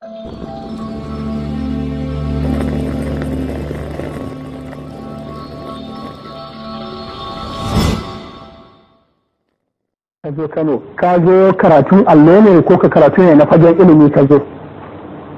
ka zo Kano ka zo karatun allo ne ko ka karatu ne na fagen ilimi ka zo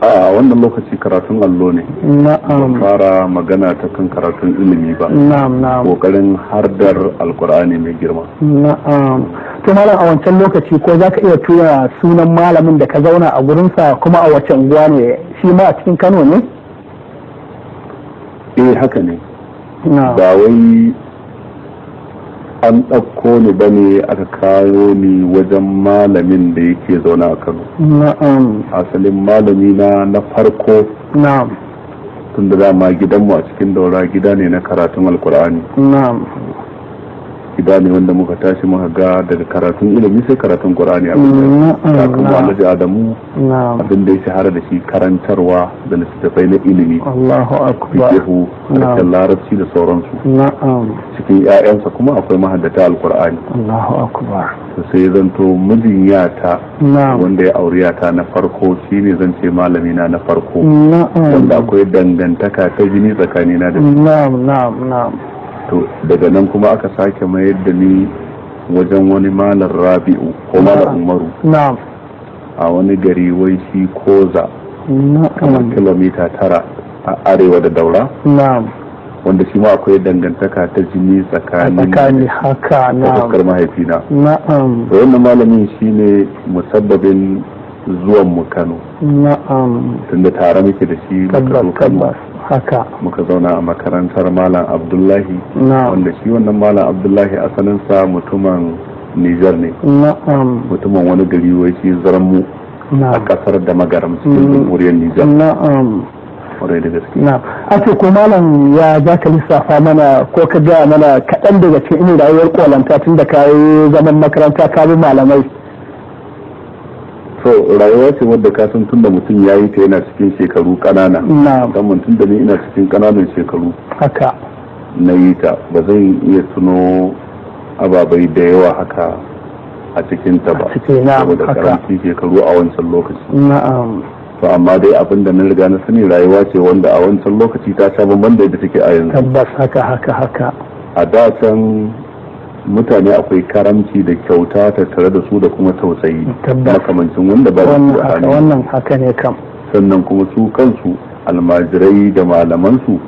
a wannan lokaci karatun allo ne na'am fara magana ta kan karatun ilimi ba na'am na'am kokarin hardar alkur'ani mai girma na'am to malam a wancan lokaci ko zaka iya tura sunan malamin da ka zauna a gurinsa kuma a wancan unguwa ne shi ma a cikin Kano ne eh haka ne Na'am. ba wai an ɗauko ni ba ne aka kawo ni wajen malamin da yake zaune a kano na'am asalin malami na na farko na'am tun da dama gidanmu a cikin daura gida ne na karatun alkur'ani na'am gida ne wanda muka tashi muka ga daga karatun ilimi sai karatun qur'ani a mm-hmm. mm-hmm. kakan alhaji adamu abin da ya shahara da shi karantarwa da littattafai na ilimi Allahu akbar da larabci da sauransu cikin 'ya'yansa kuma akwai mahaddata alqur'ani Allahu akbar to sai zanto mijin yata wanda ya auri yata na farko shine zan ce malami na na farko wanda akwai dangantaka ta jini tsakanina da na'am na'am na'am to daga nan kuma aka sake mayar da ni wajen wani malar rabi'u ko malar umaru a wani gari wai shi koza kamar kilomita tara a arewa da daura wanda shi ma akwai dangantaka ta jini tsakanin haka na mahaifina na'am wannan malamin ne musabbabin zuwan mu Kano na'am tunda tare muke da shi zo Kano haka muka zauna a makarantar malam abdullahi wanda shi wannan malam abdullahi asalinsa mutumin nijar ne mutumin wani gari wai shi zarmu a kasar da magaram cikin mm. jamhuriyar nijar kwarai da gaske. Na, a ce ko malam ya za ka lissafa mana ko ka gaya mana kaɗan daga cikin rayuwar kwalanta tun da ka yi zaman makaranta ka bi malamai. so rayuwa ce wadda ka san tunda mutum ya yi ta yana cikin shekaru kanana musamman da ni ina cikin kananan shekaru haka na yi ta ba zan iya tuno ababai da yawa haka a cikin ta ba saboda karanci shekaru a wancan lokaci na'am to amma dai abin da na riga na sani rayuwa ce wanda a wancan lokaci ta sha bambam da take a yanzu tabbas haka haka haka a da can mutane akwai karamci da kyauta tattare da su da kuma tausayi makamancin wanda ba su wannan haka ne kam sannan kuma su kansu almajirai da malamansu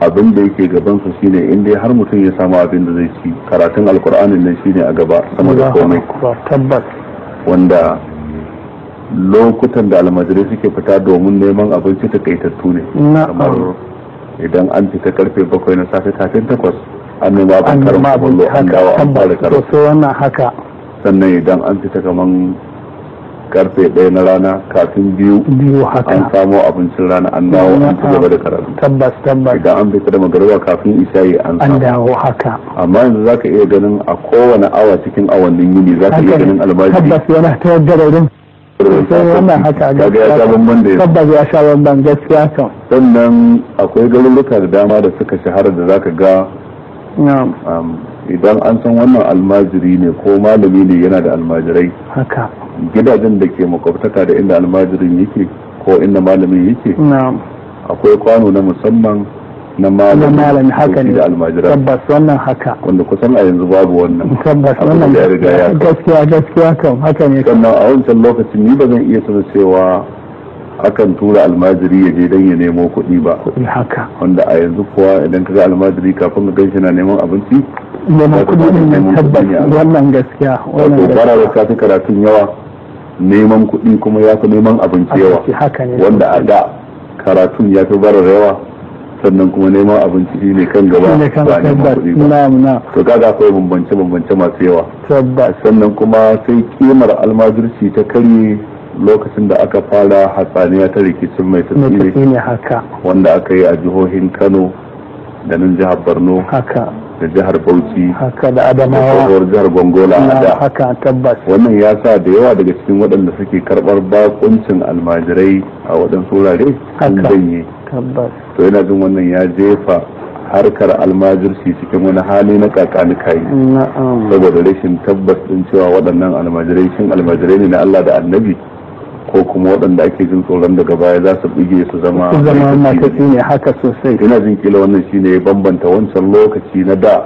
abin da yake su shine in har mutum ya samu abin da zai ci karatun alkur'ani nan shine a gaba sama da komai wanda lokutan da almajirai suke fita domin neman abinci takaitattu ne idan an fita karfe bakwai na safe kafin takwas annuma ba karma bullo hangawa an fara karatu to wannan haka sannan idan an fita kaman karfe ɗaya na rana kafin biyu biyu haka an samo abincin rana an dawo an ci gaba da karatu tabbas tabbas idan an fita da magariba kafin isha'i an an dawo haka amma yanzu zaka iya ganin a kowane awa cikin awannin yini zaka iya ganin albashi tabbas yana ta yadda da sai wannan haka tabbas ya sha bamban gaskiya kan sannan akwai garuruka da dama da suka shahara da zaka ga Um, idan an san wannan almajiri ne ko malami ne yana da almajirai haka gidajen da ke makwabtaka da inda almajirin yake ko inda malamin yake akwai kwano na musamman na malami haka ne tabbas wannan haka wanda kusan a yanzu babu wannan tabbas wannan gaskiya gaskiya kan haka ne sannan a wancan lokacin ni ba zan iya sanar cewa akan tura almajiri ya je don ya nemo kuɗi ba kuɗi haka wanda a yanzu kuwa idan ka ga almajiri kafin ka ganshi na neman abinci neman kuɗi ne tabbas wannan gaskiya wannan gaskiya bara da kafin karatun yawa neman kuɗi kuma ya fi neman abinci yawa wanda a da karatun ya fi bara da yawa sannan kuma neman abinci shi ne kan gaba ba neman kuɗi ba to kaga akwai bambance bambance masu yawa sannan kuma sai kimar almajirci ta karye lokacin da aka fara hatsaniya ta rikicin mai haka wanda aka yi a jihohin kano da nan jihar borno da jihar bauchi da adamawa da jihar gongola a da haka tabbas wannan ya sa da yawa daga cikin waɗanda suke karɓar bakuncin almajirai a waɗansu wurare sun janye to yana jin wannan ya jefa harkar almajirci cikin wani hali na kakani kayi saboda rashin tabbas din cewa waɗannan almajirai shin almajirai ne na Allah da annabi ko kuma waɗanda ake jin tsoron daga baya za su buge su zama zama matafi ne haka sosai ina jin kila wannan shine ne bambanta wancan lokaci na da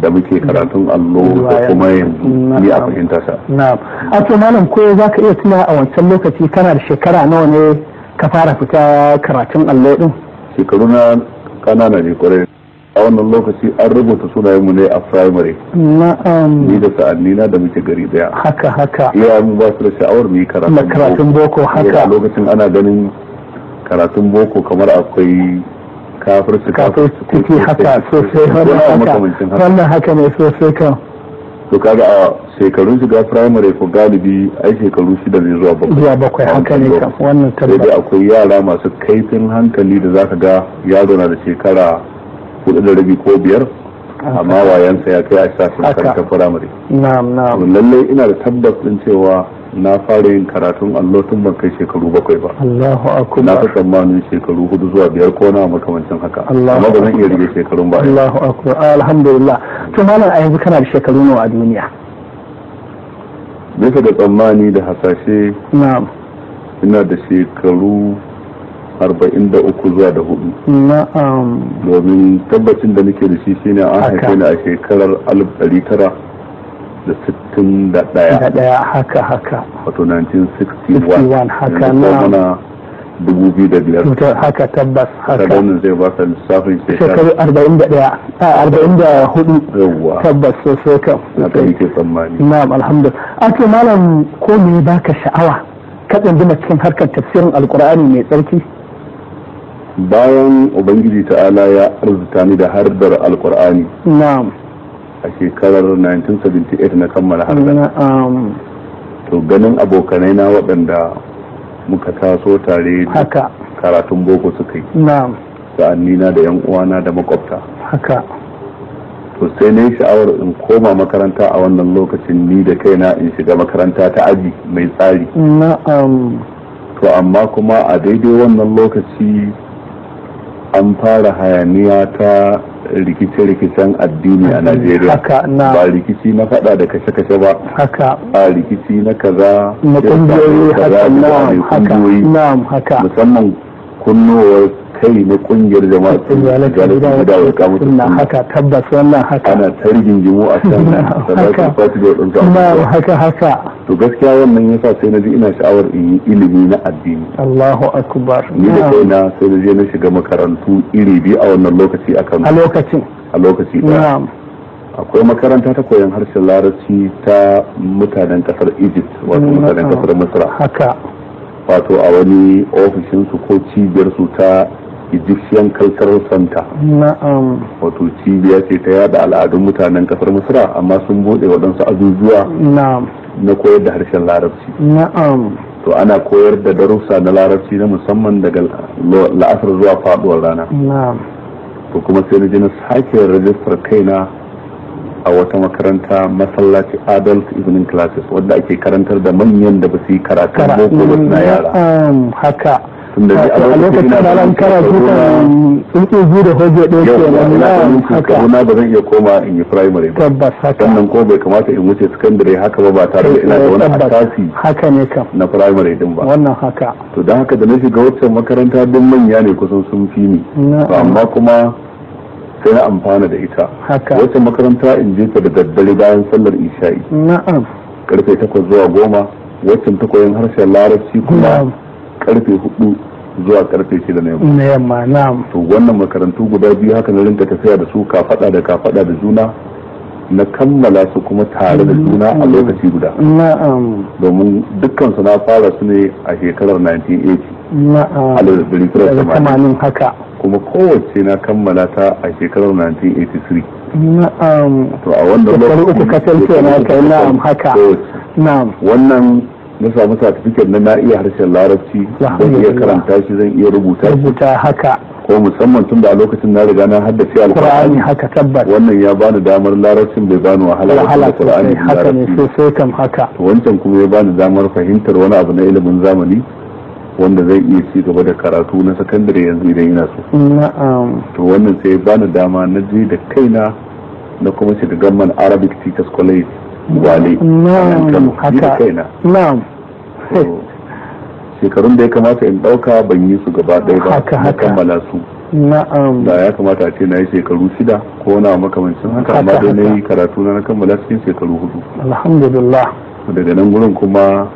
da muke karatun allo ko kuma yanzu ni a fahimta sa na'am a to malam ko za ka iya tuna a wancan lokaci kana da shekara nawa ne ka fara fita karatun allo din shekaru na kanana ne kwarai a wannan lokaci an rubuta sunayenmu ne a firamare. na'am ni da sa'anni na da muke gari daya haka haka iya mu ba su da sha'awar mu yi karatun karatun boko haka a lokacin ana ganin karatun boko kamar akwai kafirci kafirci ciki haka sosai wannan haka ne sosai kan to kaga a shekarun shiga firamare ko galibi ai shekaru shida ne zuwa bakwai zuwa bakwai haka ne kan wannan tabbata akwai yara masu kaifin hankali da zaka ga yaro na da shekara hudu da rabi ko biyar amma wayansa ya kai a shafin karka firamare na'am na'am lallai ina da tabbas din cewa na fara yin karatun allotun tun ban kai shekaru bakwai ba Allahu akbar na ta tsammanin shekaru hudu zuwa biyar ko na makamancin haka amma ba zan iya rige shekarun ba Allahu akbar alhamdulillah to malam a yanzu kana da shekaru nawa a duniya bisa tsammani da hasashe na'am ina da shekaru arba'in da uku zuwa da hudu na'am domin tabbacin da nake da shi shine an haife ni a shekarar alif ɗari tara da sittin da ɗaya da ɗaya haka haka wato 1961 haka na dubu biyu da biyar mutum haka tabbas haka kada wannan zai ba ka lissafin shekaru arba'in da ɗaya arba'in da hudu tabbas sosai kam haka yake tsammani na'am alhamdulillah ake malam ko me baka sha'awa ka tsanduma cikin harkar tafsirin alkur'ani mai tsarki bayan ubangiji ta'ala ya arzuta ni da hardar alkur'ani na'am a shekarar 1978 na kammala harbar na'am to ganin abokanai na waɗanda muka taso tare haka karatun boko suka yi na'am sa'annina da yan uwana da makwabta haka to sai na sha'awar in koma makaranta a wannan lokacin ni da kaina in shiga makaranta ta aji mai tsari na'am to amma kuma a daidai wannan lokaci an fara hayaniya ta rikice-rikicen addini a Najeriya. Ba rikici na fada da kashe-kashe ba. Haka. A rikici na kaza. Na kungiyoyi haka na haka. Musamman kunnowar kai na kungiyar jama'a sun gane da wa kamu sunna haka tabbas wannan haka ana tarjin jimo a kan salatin fati da wadanda kuma haka haka to gaskiya wannan ya sa sai na ji ina sha'awar in yi ilimi na addini Allahu akbar ni da kaina sai na je na shiga makarantu iri biyu a wannan lokaci Kano. a lokacin a lokaci akwai makaranta ta koyon harshen larabci ta mutanen kasar egypt wato mutanen kasar misra haka wato a wani ofishinsu ko cibiyarsu ta egyptian cultural center na'am wato cibiya ce ta yada al'adun mutanen kasar misra amma sun bude waɗansu azuzuwa na'am na koyar da harshen larabci na'am to ana koyar da darussa na larabci na musamman daga la'asar zuwa faduwar rana na'am to kuma sai na je na sake rajistar kaina a wata makaranta masallaci adult evening classes wadda ake karantar da manyan da ba su yi karatu boko ba na mm, yara haka talatin da biyu a lokacin da ran karatu kan sun ke biyu da hoje ɗaya ke nan na haka na ba zan iya koma in yi primary ba tabbas haka sannan ko bai kamata in wuce secondary haka ba ba tare da ina da wani eh, eh, asasi haka ne kam na primary din ba wannan haka to dan haka da na shiga waccan makaranta din manya ne kusan sun fi ni amma kuma sai na amfana da ita haka wacce makaranta in je ta da daddare bayan sallar isha'i na'am karfe takwas zuwa goma waccan takwayin harshen larabci kuma karfe hudu zuwa karfe shida na yamma na yamma na'am to wannan makarantu guda biyu haka na rinka tafiya da su ka faɗa da ka faɗa da juna na kammala su kuma tare da juna a mm-hmm. lokaci guda na'am domin dukkan su na fara su ne a shekarar 1980 na'am a lokacin haka kuma kowace na kammala ta a shekarar 1983 na'am to a wannan lokacin uku ka kai na'am haka na'am wannan na samu certificate na na iya harshen larabci zan iya karanta shi zan iya rubuta shi rubuta haka ko musamman tun da lokacin na riga na haddace alkur'ani haka tabbat wannan ya bani damar larabcin bai bani wahala wahala qur'ani haka ne sosai kam haka wancan kuma ya bani damar fahimtar wani abu na ilimin zamani wanda zai iya ci gaba da karatu na sakandare yanzu idan ina so to wannan sai bani dama na je da kaina na kuma shiga gamman arabic teachers college wale na'am haka na'am shekarun da ya kamata in dauka ban yi su gaba ɗaya ba haka kammala su na'am da ya kamata a ce na yi shekaru shida ko na makamancin haka amma da na yi karatu na kammala cikin shekaru hudu alhamdulillah daga nan gurin kuma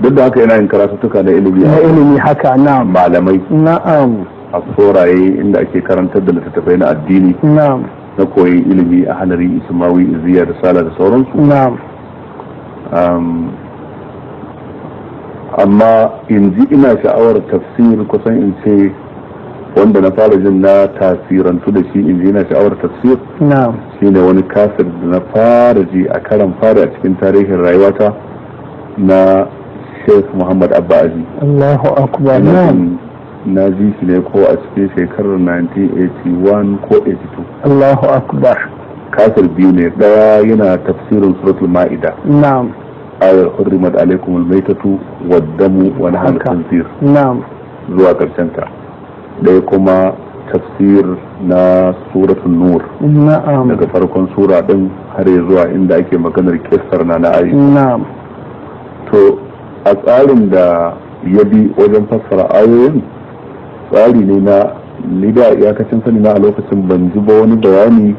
duk da haka yana yin tuka na ilimi na ilimi haka na malamai na'am a tsoraye inda ake karantar da littattafai na addini na'am na koyi ilimi a halari ismawi iziya da sala da sauransu amma ji ina sha'awar tafsir kusan in ce wanda na fara jin na tasirantu da shi in ji ina sha'awar tafsir shi ne wani kasir da na fara ji a karan fara a cikin tarihin rayuwata na sheikh muhammad abba aji allahu akbar na ji shi ne ko a cikin shekarar 1981 ko 82 Allahu akbar kasar biyu ne daya yana tafsirin suratul ma'ida na'am ayar hurrimat alaikum almaitatu waddamu wa nahal khinzir na'am zuwa karshen ta daya kuma tafsir na suratul nur na'am daga farkon sura din har zuwa inda ake maganar kissar na na na'am to a tsarin da ya bi wajen fassara ayoyin tsari ne na nida ya iyakacin sani na a lokacin ban zuba ba wani bayani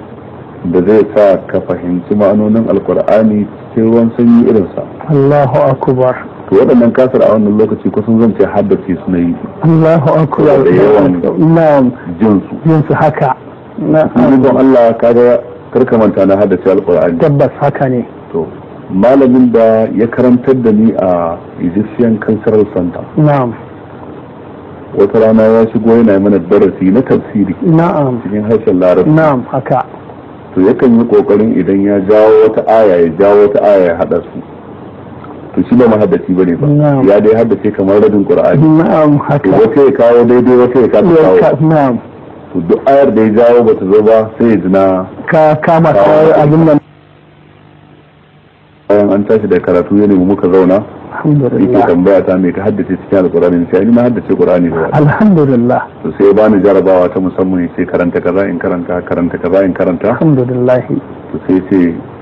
da zai sa ka fahimci ma'anonin alkur'ani cikin ruwan sanyi irinsa Allahu akubar. to waɗannan kasar a wannan lokaci kusan zan ce haddace su na yi Allahu akubar. da yawan jinsu su jin haka na don Allah kaga karka manta na haddace alkur'ani tabbas haka ne to malamin da ya karantar da ni a Egyptian Cultural Center na'am wata rana ya shigo yana mana darasi na tafsiri na'am cikin harshen larabci na'am haka to yakan yi kokarin idan ya jawo wata aya ya jawo wata aya ya hada su to shi ba mahaddaci bane ba ya dai haddace kamar rabin qur'ani na'am haka wata ya kawo daidai wata ya kawo na'am to duk ayar da ya jawo bata zo ba sai ya zina ka kama kawai abin nan bayan an tashi da karatu ya nemi muka zauna alhamdulillah tambaya ta mai ta haddace cikin alqur'ani sai ni ma haddace qur'ani da alhamdulillah to sai ba ni jarabawa ta musamman sai karanta kaza in karanta karanta kaza in karanta alhamdulillah to sai ce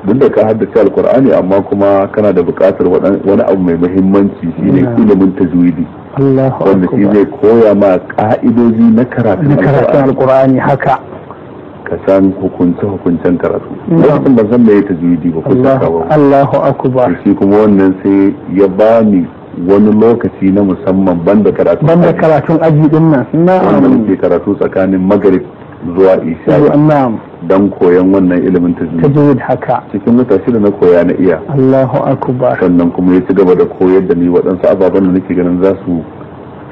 duk da ka haddace alqur'ani amma kuma kana da buƙatar wani abu mai muhimmanci shine ilimin tajwidi wanda shi zai koya ma ka'idoji na karatun alqur'ani haka ka san hukunce hukuncen karatu lokacin ban san me ta tajwidi ba ko ba Allahu akbar shi kuma wannan sai ya bani wani lokaci na musamman banda karatun banda karatun aji din nan na'am ke karatu tsakanin magrib zuwa isha na'am dan koyan wannan ilimin tajwid haka cikin wata shida na koya na iya Allahu akbar sannan kuma ya ci gaba da koyar da ni waɗansu ababen da nake ganin za su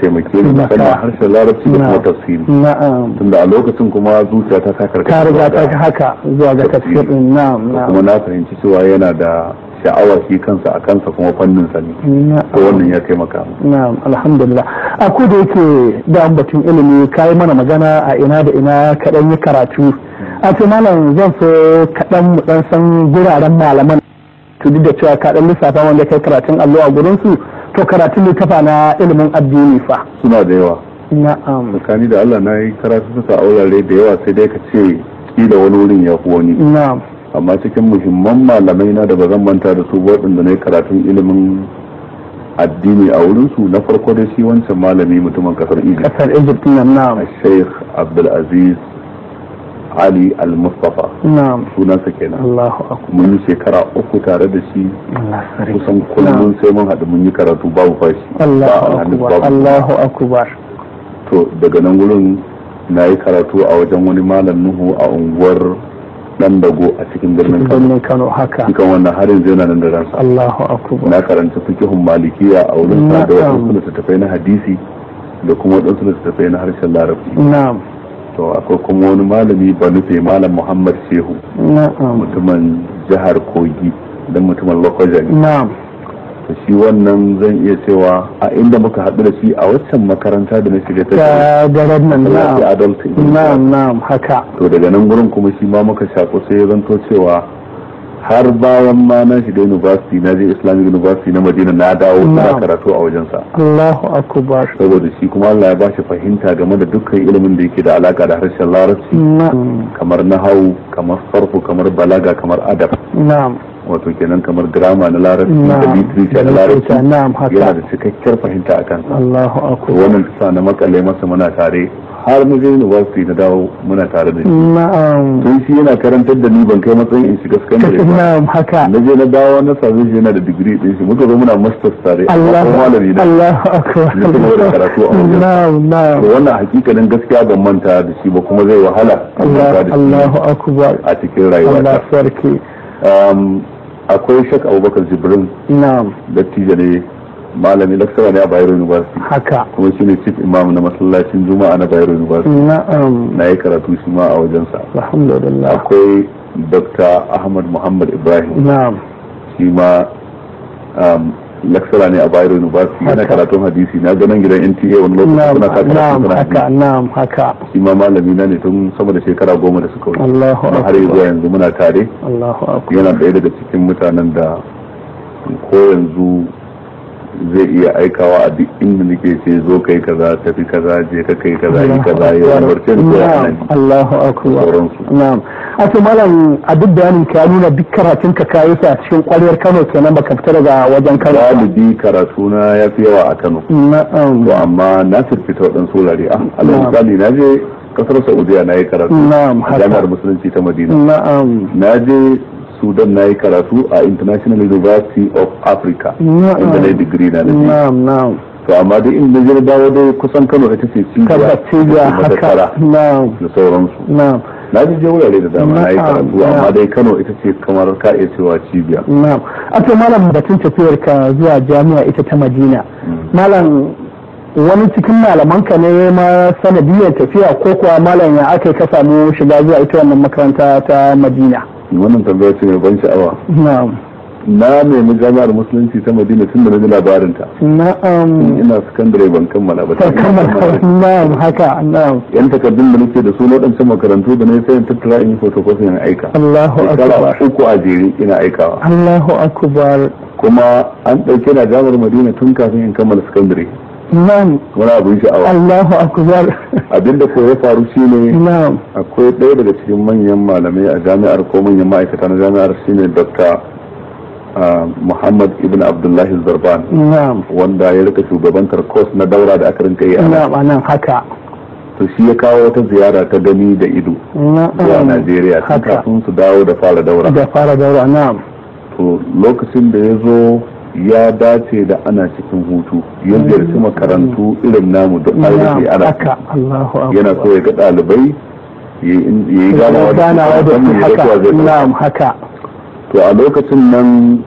taimake ni kan harshen larabci da kuma tafsiri tunda a lokacin kuma zuciya ta ta karkata riga ta haka zuwa ga tafsirin na'am kuma na fahimci cewa yana da sha'awa shi kansa a kansa kuma fannin sani ne ko wannan ya taimaka na'am alhamdulillah a ko da yake da batun ilimi kai mana magana a ina da ina kaɗan yi karatu a ce malam zan so kaɗan mu ɗan san guraren malaman tudu da cewa kaɗan lissafa wanda kai karatun allo a gurinsu to karatun kafa na ilimin addini fa suna da yawa na'am tsakani da Allah na yi karatu suka aurare da yawa sai dai ka ce kila wani wurin ya fi wani na'am amma cikin muhimman malamai na da ba zan manta da su waɗanda na yi karatun ilimin addini a wurinsu na farko da shi wancan malami mutumin kasar egypt kasar egypt na na'am sheikh abdulaziz ali al-mustafa sunansa kenan mun yi shekara uku tare da shi kusan kullum sai mun haɗu mun yi karatu babu fashi Allahu akbar to daga nan gurin na yi karatu a wajen wani malam nuhu a unguwar dan dago a cikin birnin Kano. Birnin Kano haka. Cikin wannan har yanzu yana nan da ransa. Allahu akbar. Na karanta fikihun malikiya a wurin sa da wasu littattafai na hadisi da kuma wadansu littattafai na harshen larabci. Na'am. to akwai kuma wani malami ba nufe malam muhammad shehu mutumin jihar kogi don mutumin lokoja ne to shi wannan zan iya cewa a inda muka haɗu da shi a waccan makaranta da na shiga ta garar nan na'am na'am haka to daga nan gurin kuma shi ma muka shaƙo sai ya zanto cewa har bayan ma na shiga university na je islamic university na madina na dawo na karatu a wajensa Allahu akbar saboda shi kuma Allah ya bashi fahimta game da dukkan ilimin da yake da alaka da harshen larabci kamar nahawu kamar sarfu kamar balaga kamar adab na'am wato kenan kamar drama na larabci da literature na larabci yana da cikakkiyar fahimta akan sa Allahu akbar wannan sa na makale masa muna tare har mu je university na dawo muna tare da shi na'am tun shi yana karantar da ni ban kai matsayin in shiga secondary ba na'am haka na je na dawo na same shi yana da digiri din shi muka zo muna masters tare Allah malami Allah Allahu akbar karatu a na'am na'am wannan hakikanin gaskiya ban manta da shi ba kuma zai wahala Allah akbar a cikin rayuwa Allah sarki akwai shak Abubakar Jibril na'am dattijo ne malami lecturer ne a Bayero University haka kuma shi ne chief imam na masallacin Juma'a na Bayero University na'am na yi karatu shi ma a wajensa alhamdulillah akwai Dr. Ahmad Muhammad Ibrahim na'am shi ma um, lecturer ne a Bayero University yana karatun hadisi na ganin gidan NTA wani lokacin suna ka Na'am haka na'am haka shi ma malami na ne tun sama da shekara goma da suka wuce Allahu akbar har zuwa yanzu muna tare Allahu akbar yana daya daga cikin mutanen da ko yanzu zai iya aikawa a duk inda nake ce zo kai kaza tafi kaza je ka kai kaza yi kaza ya umarce da kowa Allahu akbar na'am ce malam a duk bayanin ka nuna duk karatun ka kayi a cikin kwaliyar Kano kenan baka fita daga wajen Kano bi karatu na ya fi yawa a Kano na'am to amma na firfita waɗansu wurare a ah, misali na je kasar Saudiya na yi karatu na'am jami'ar musulunci ta Madina na'am na je Sudan na yi karatu a International University of Africa inda na yi digiri na da to amma dai inda zai dawo dai kusan Kano ita ce cibiya haka da sauransu na ji wurare da dama na yi karatu amma dai Kano ita ce kamar ka iya cewa cibiya a ce malam batun tafiyar ka zuwa jami'a ita ta Madina mm. malam wani cikin malamanka ne ma sanadiyar tafiya ko kuwa malam ya aka ka samu shiga zuwa ita wannan makaranta ta Madina wannan tambaya ce mai ban sha'awa na nemi jami'ar musulunci ta madina tun da na ji labarinta. na'am ina sakandare ban kammala ba na'am haka na'am yan takardun da nake da suna na makarantu da na yi in tattara in yi photocopy in aika Allahu akbar uku a jere ina aikawa Allahu kuma an ɗauke da jami'ar madina tun kafin in kammala sakandare wani abin sha'awa Allahu akbar abinda ko ya faru shine akwai ɗaya daga cikin manyan malamai a jami'ar ko manyan ma'aikata na jami'ar shine Dr. Ah, Muhammad ibn Abdullahi Zarban wanda ya rika shugabantar kos na daura da aka rinka yi a nan haka to shi ya kawo wata ziyara ta gani da ido zuwa Najeriya kafin su dawo da fara daura da fara daura na'am to lokacin da ya zo ya dace da ana cikin hutu ya ziyarci makarantu irin namu duk an rufe ana yana so ya ga ɗalibai ya yi ganawa da su haka to a lokacin nan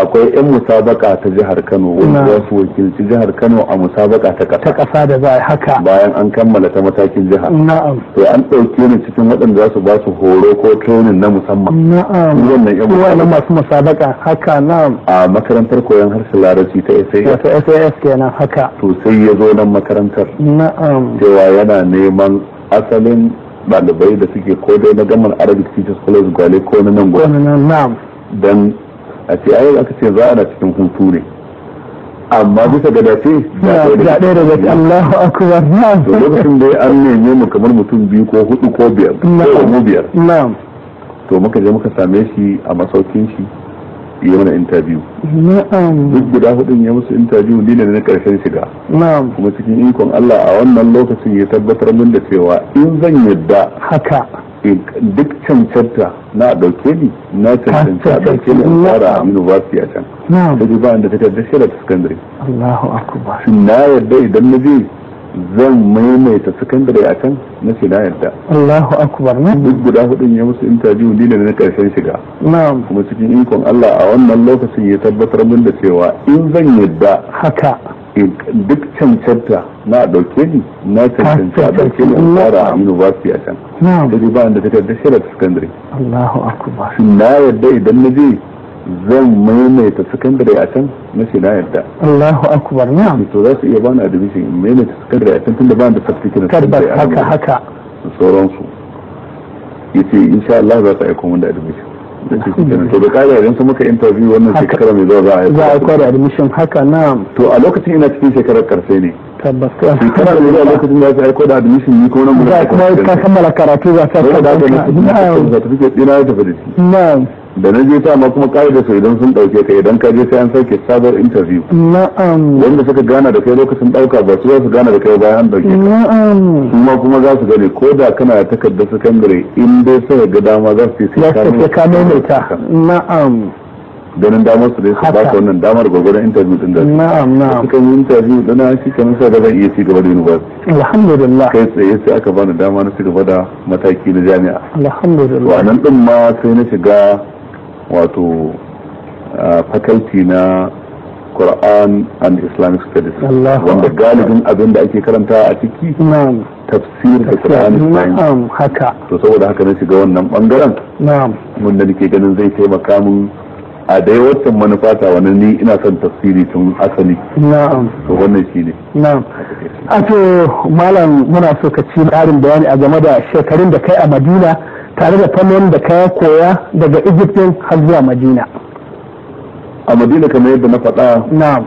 akwai 'yan musabaka ta jihar kano wanda za su wakilci jihar kano a musabaka ta ƙasa ta ƙasa da za haka bayan an kammala ta matakin jiha na'am to an ɗauke ni cikin waɗanda za su ba su horo ko training na musamman na'am wannan 'yan musabaka masu musabaka haka na'am a makarantar koyon harshen larabci ta SAS ta SAS kenan haka to sai ya zo nan makarantar na'am cewa yana neman asalin ɗalibai da suke ko dai na gamar arabic teachers college gwale ko na nan gwale na'am dan a ce aka ce za na cikin hutu ne amma bisa ga dace ga ɗaya da dace Allahu akbar to lokacin da an neme mu kamar mutum biyu ko hudu ko biyar ko mu biyar to muka je muka same shi a masaukin shi iya mana interview na'am duk guda hudun ya musu interview ni ne na karshen shiga na'am kuma cikin ikon Allah a wannan lokacin ya tabbatar min da cewa in zan yadda haka Eh, duk cancanta na ɗauke ni na cancanta a ke ni in fara a university a can da ji ba inda ta da shi da secondary Allahu akbar na yadda idan na je zan maimaita secondary a can na shi na yadda Allahu akbar na duk guda hudun ya musu interview ni da na karshen shiga na'am kuma cikin inkon Allah a wannan lokacin ya tabbatar min da cewa in zan yadda haka Eh, duk cancanta na dauke ni na cancanta da ke ni a fara a university a can da ne ba da takardar shirar secondary Allahu akbar na yadda idan na je zan maimaita secondary a can na shi na yadda Allahu akbar na eh, to za su iya ba na admission in maimaita secondary a can tunda ba da certificate tabbas haka haka sauransu ya yace insha Allah za su aika mun da admission to da kare idan sun muka interview wannan shekara mai zuwa za a yi za a kwada admission haka na to a lokacin ina cikin shekarar karshe ne tabbas shekarar mai zuwa lokacin da aka aiko da admission ni kuma nan za kuma ka kammala karatu za ka kada da admission. ya tafi da shi da na je ta ma kuma ka'idar sa idan sun dauke ka idan ka je sai an sake sabar interview na'am wanda suka gana da kai lokacin dauka ba su za su gana da kai bayan an dauke ka na'am kuma kuma za su gane ko da kana takardar secondary in dai suka ga dama za su yi sai ka ta na'am ganin damar su dai su ba wannan damar gwagwaron interview din da na'am na'am suka yi interview dana shi kan sa da zan iya ci gaba da university alhamdulillah kai tsaye sai aka bani dama na ci gaba da mataki na jami'a alhamdulillah wannan nan din ma sai na shiga wato faculty na Quran and Islamic Studies wanda galibin abin da ake karanta a ciki tafsir da Quran haka to saboda haka na shiga wannan bangaren mun da nake ganin zai taimaka mun a dai wancan manufa ta wani ni ina son tafsiri tun asali na'am to wannan shine na'am a to malam muna so ka ci karin bayani a game da shekarun da kai a Madina tare da fannin da ka koya daga egyptin har zuwa madina a madina kamar yadda na faɗa na'am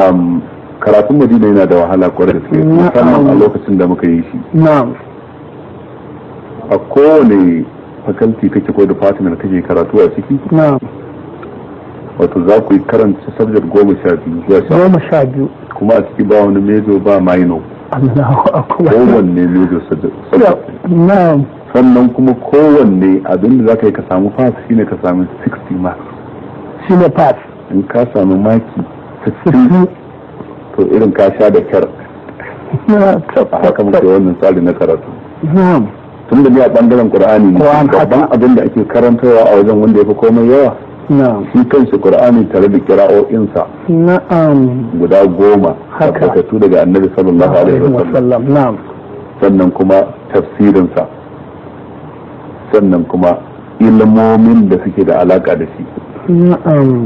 um, karatun madina yana da wahala kwarai da suke musamman a lokacin da muka yi shi na'am a kowane faculty kake ko department kake karatu a ciki na'am wato za ku yi karanta sabjar goma sha biyu zuwa sha goma sha biyu kuma a ciki ba wani mejo ba minor Allahu akbar kowanne mejo subject na'am sannan kuma kowanne abin da za ka yi ka samu pass shine ka samu 60 marks shine pass in ka samu maki 60 to irin ka sha da kyar ah, haka muke wannan tsari na karatu tun da ni a bangaren qur'ani ne babban abin da ake karantarwa a wajen wanda ya fi komai yawa shi kanshi qur'ani tare da kira'o'insa na'am guda goma tabbatattu daga annabi sallallahu alaihi wasallam sannan kuma tafsirinsa sannan kuma ilmomin da suke da alaka da shi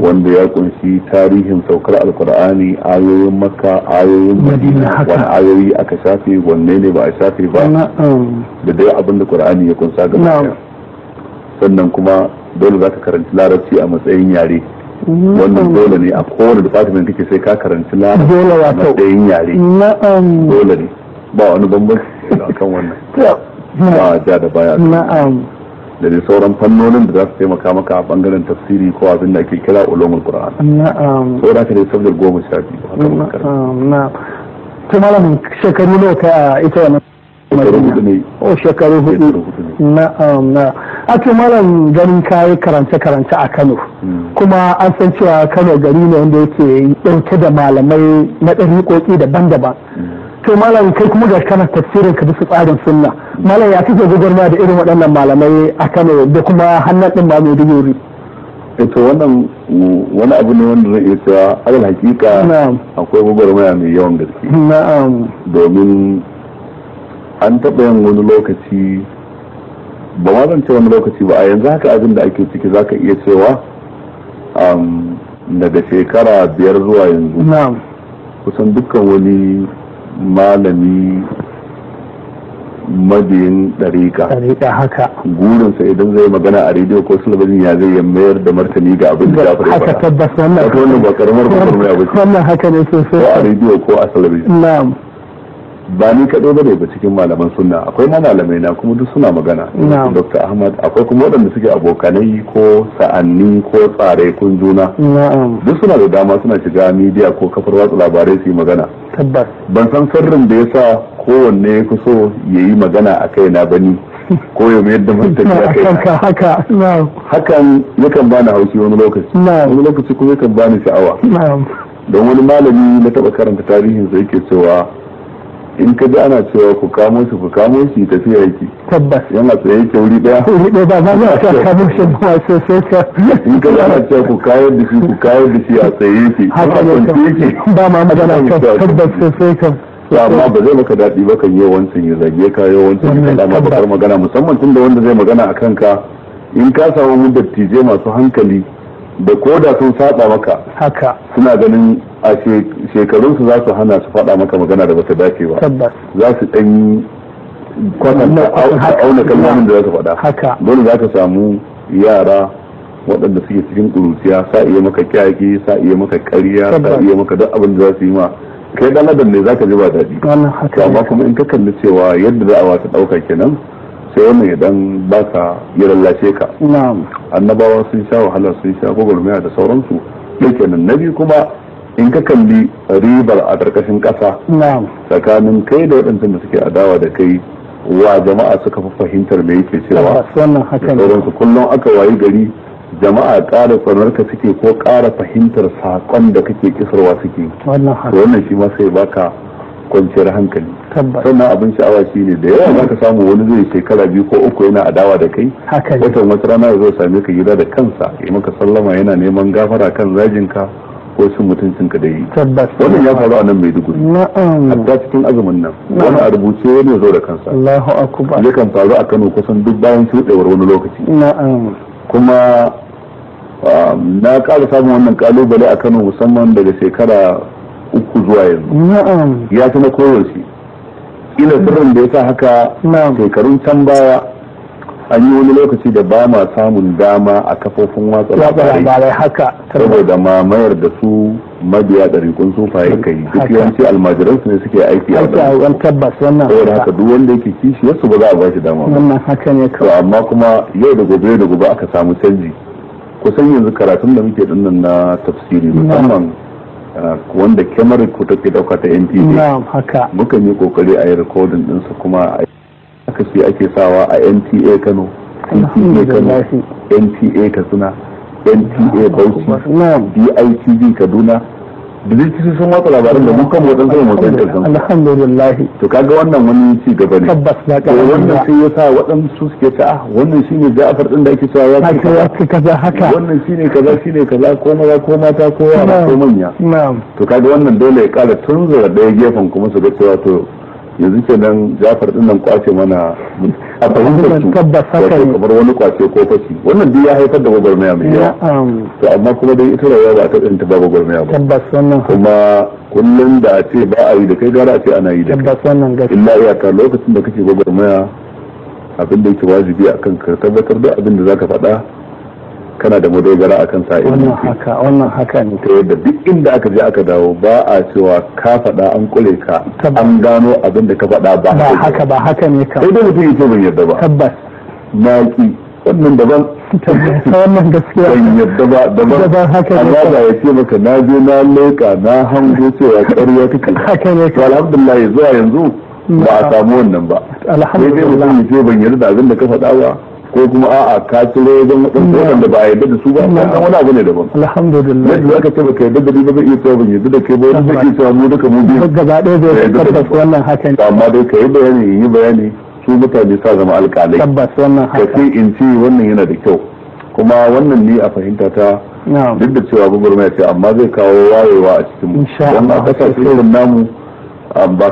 wanda ya kunshi tarihin saukar alkur'ani ayoyin makka ayoyin madina wani ayoyi aka shafe wanne ne ba a shafe ba da dai abin da qur'ani ya kunsa gaba sannan kuma dole za ka karanci larabci a matsayin yare wannan dole ne a kowane department kake sai ka karanci larabci a matsayin yare dole ne ba wani bambanci kan wannan a ja da baya na'am da dai sauran fannonin da za su taimaka maka a bangaren tafsiri ko abin da ake kira ulumul qur'an na'am to da ka dai sabda goma sha biyu na'am to malamin shekaru nawa ka a ita wannan o shekaru hudu oh, na'am na'am a ce malam ganin kayi karance karance a Kano hmm. kuma an san cewa Kano gari ne wanda yake dauke da malamai na ɗariƙoƙi daban-daban hmm. to malam kai kuma ga kana tafsirin ka bisa tsarin sunna malam ya kake gudanar da irin waɗannan malamai a Kano da kuma hannun din ba mai digiri eh, to wannan wani abu ne wanda zai iya cewa alal hakika akwai gwagwarmaya mai yawan gaske na'am domin an taɓa yin wani lokaci ba ma zan ce wani lokaci ba a yanzu haka abin da ake ciki za ka iya cewa daga shekara biyar zuwa yanzu kusan dukkan wani malami mabiyin ɗariƙa ɗariƙa haka gurinsa idan zai magana a rediyo ko sulabijin ya zai mayar da martani ga abin da jafar ya haka tabbas wannan haka wannan ba karamar ba karamar abin wannan haka ne sosai ko a rediyo ko a sulabijin na'am ba ni kaɗo ba ne ba cikin malaman sunna akwai ma malamai na kuma duk suna magana dr ahmad akwai kuma waɗanda suke abokanai ko sa'anni ko tsare kun juna duk suna da dama suna shiga midiya ko kafar watsa labarai su yi magana tabbas ban san sirrin da yasa kowanne ya fi so ya yi magana a kaina ba ni ko ya mayar da martani a kaina haka hakan yakan bani haushi wani lokaci wani lokaci kuma yakan bani sha'awa don wani malami na taba karanta tarihin sa yake cewa in ka ji ana cewa ku kamo shi ku kamo shi tafiya yake tabbas yana tsaye yake wuri daya wuri daya ba za a ka kamo shi ba sai sai ka in ka ji ana cewa ku kayo da shi ku kayo da shi a tsaye yake haka ne ba ma magana ka tabbas sai sai ka amma ba zai maka daɗi ba kan yi wancan ya zage ka yi wancan ya kalama bakar magana musamman tunda wanda zai magana a kanka in ka samu dattijo masu hankali da koda sun saba maka haka suna ganin a shekarunsu za su hana su fada maka magana da bata dace ba za su ɗan kwanan auna kalmomin da za su faɗa dole za ka samu yara waɗanda suke cikin ƙuruciya sa iya maka kyaki sa iya maka ƙarya sa iya maka duk abin da za su yi ma kai dan adam ne zaka ji ba daɗi amma kuma in ka kalli cewa yadda za a wata ɗauka kenan sai wannan ya dan baka ya lallace ka annabawa sun sha wahala sun sha gwagwarmaya da sauransu yake nan na kuma in ka kalli ribar a ƙarƙashin ƙasa tsakanin kai da waɗancan da suke adawa da kai wa jama'a suka fi fahimtar me yake cewa sauransu kullum aka wayi gari jama'a ƙara ka suke ko ƙara fahimtar saƙon da kake kisarwa suke wannan shi ma sai baka kwanciyar hankali sannan abin sha'awa shi ne da yawa za ka samu wani zai shekara biyu ko uku yana adawa da kai watan wata rana zai same ka gida da kansa ya maka sallama yana neman gafara kan zajinka ko cin mutuncin ka da yi wannan ya faru a nan maiduguri na'am hatta cikin azumin nan wani a rubuce ya zo da kansa Allahu akbar yakan faru a Kano kusan duk bayan shuɗewar wani lokaci kuma um, na ƙara samun wannan kalubale a Kano musamman daga shekara uku zuwa yanzu ya fi na koyaushe ila sirrin da ya sa haka shekarun can baya an yi wani lokaci da ba ma samun dama a kafofin watsa labarai haka saboda ma mayar da su mabiya ɗarikun sufaye kai duk yawanci almajiran su ne suke aiki a ɗan tabbas wannan saboda haka duk wanda yake kishi yasu ba za a bashi dama wannan haka ne kawai amma kuma yau da gobe da gobe aka samu canji kusan yanzu karatun da muke nan na tafsiri musamman uh, wanda kyamarar ku take dauka ta NTV mukan yi kokari a yi rikodin ɗinsa kuma a yi. aka shi ake sawa a NTA Kano NTA Kano NTA Katsina NTA Bauchi DITV Kaduna da sun watsa labarin da mun kan wajen zai motsa da kansu alhamdulillah to kaga wannan wani ci gaba ne tabbas na ka wannan sai ya sa waɗansu suke ta ah wannan shine Ja'far din da ake cewa ya ce kaza haka wannan shine kaza shine kaza ko maza ko mata ko yara ko manya na'am to kaga wannan dole ya ƙara tunzura ɗaya gefen kuma su ga cewa to yanzu ke nan jafar din nan kwace mana a fahimtar su wato kamar wani kwace ko fashi wannan duk ya haifar da gwagwarmaya mai yawa to amma kuma dai ita rayuwa ba ta tsinta ba gwagwarmaya ba tabbas kuma kullum da a ce ba a yi da kai gara a ce ana yi da tabbas wannan gaskiya illa iyaka lokacin da kake gwagwarmaya abin da yake wajibi akan ka tabbatar da abin da ka faɗa kana da madogara akan sa wannan haka wannan haka ne ta yadda duk inda aka je aka dawo ba a cewa ka faɗa an kule ka an gano abin da ka faɗa ba ba haka ba haka ne kam sai dai mutum yace ban yadda ba tabbas na wannan daban wannan gaskiya ban yarda ba daban haka ne amma ba ya ce maka na je na leƙa na hango cewa ƙarya kake haka ne to alhamdulillah zuwa yanzu ba a samu wannan ba alhamdulillah sai dai mutum yace ban yarda abin da ka faɗa ba ko kuma a'a ka don wajen da ba a yarda da su ba kan wani abu ne daban alhamdulillah yadda zaka ce baka yadda da ni ba zai iya cewa ban yadda da kai ba wani zai iya cewa mu duka mu biyu gaba ɗaya zai tabbata wannan hakan amma dai ka yi bayani yi bayani su mutane sa zama alƙalai tabbas wannan hakan in ce wannan yana da kyau kuma wannan ni a fahimta ta duk da cewa gwagwarmaya ce amma zai kawo wayewa a cikin mu don kasashe irin namu ba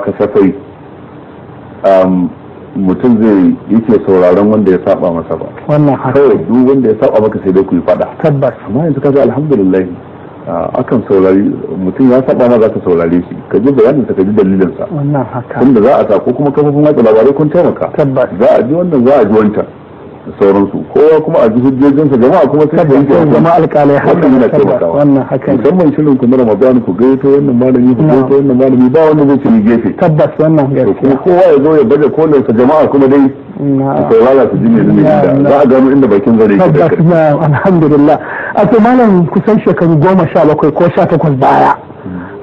mutum zai yake sauraron wanda ya saba masa ba wannan haka kawai duk wanda ya saba maka sai dai ku yi fada tabbas amma yanzu kaga alhamdulillah akan saurari mutum ya saba ma za ka saurare shi ka ji bayanin sa ka ji dalilin sa wannan haka tunda za a sa ko kuma kafofin watsa labarai kun taimaka tabbas za a ji wannan za a ji wancan da sauransu kowa kuma a ji hujjojinsa jama'a kuma sai da yanke zama alkalai haka yana taimakawa wannan haka musamman shirin kuma ramadan ku gaito wannan malami ku ta wannan malami ba wanda zai ci gefe tabbas wannan gaskiya kuma kowa ya zo ya baje kolin sa jama'a kuma dai ku saurara su ji ne da inda za a gano inda bakin zare yake da kai alhamdulillah a to malam kusan shekaru goma sha bakwai ko sha takwas baya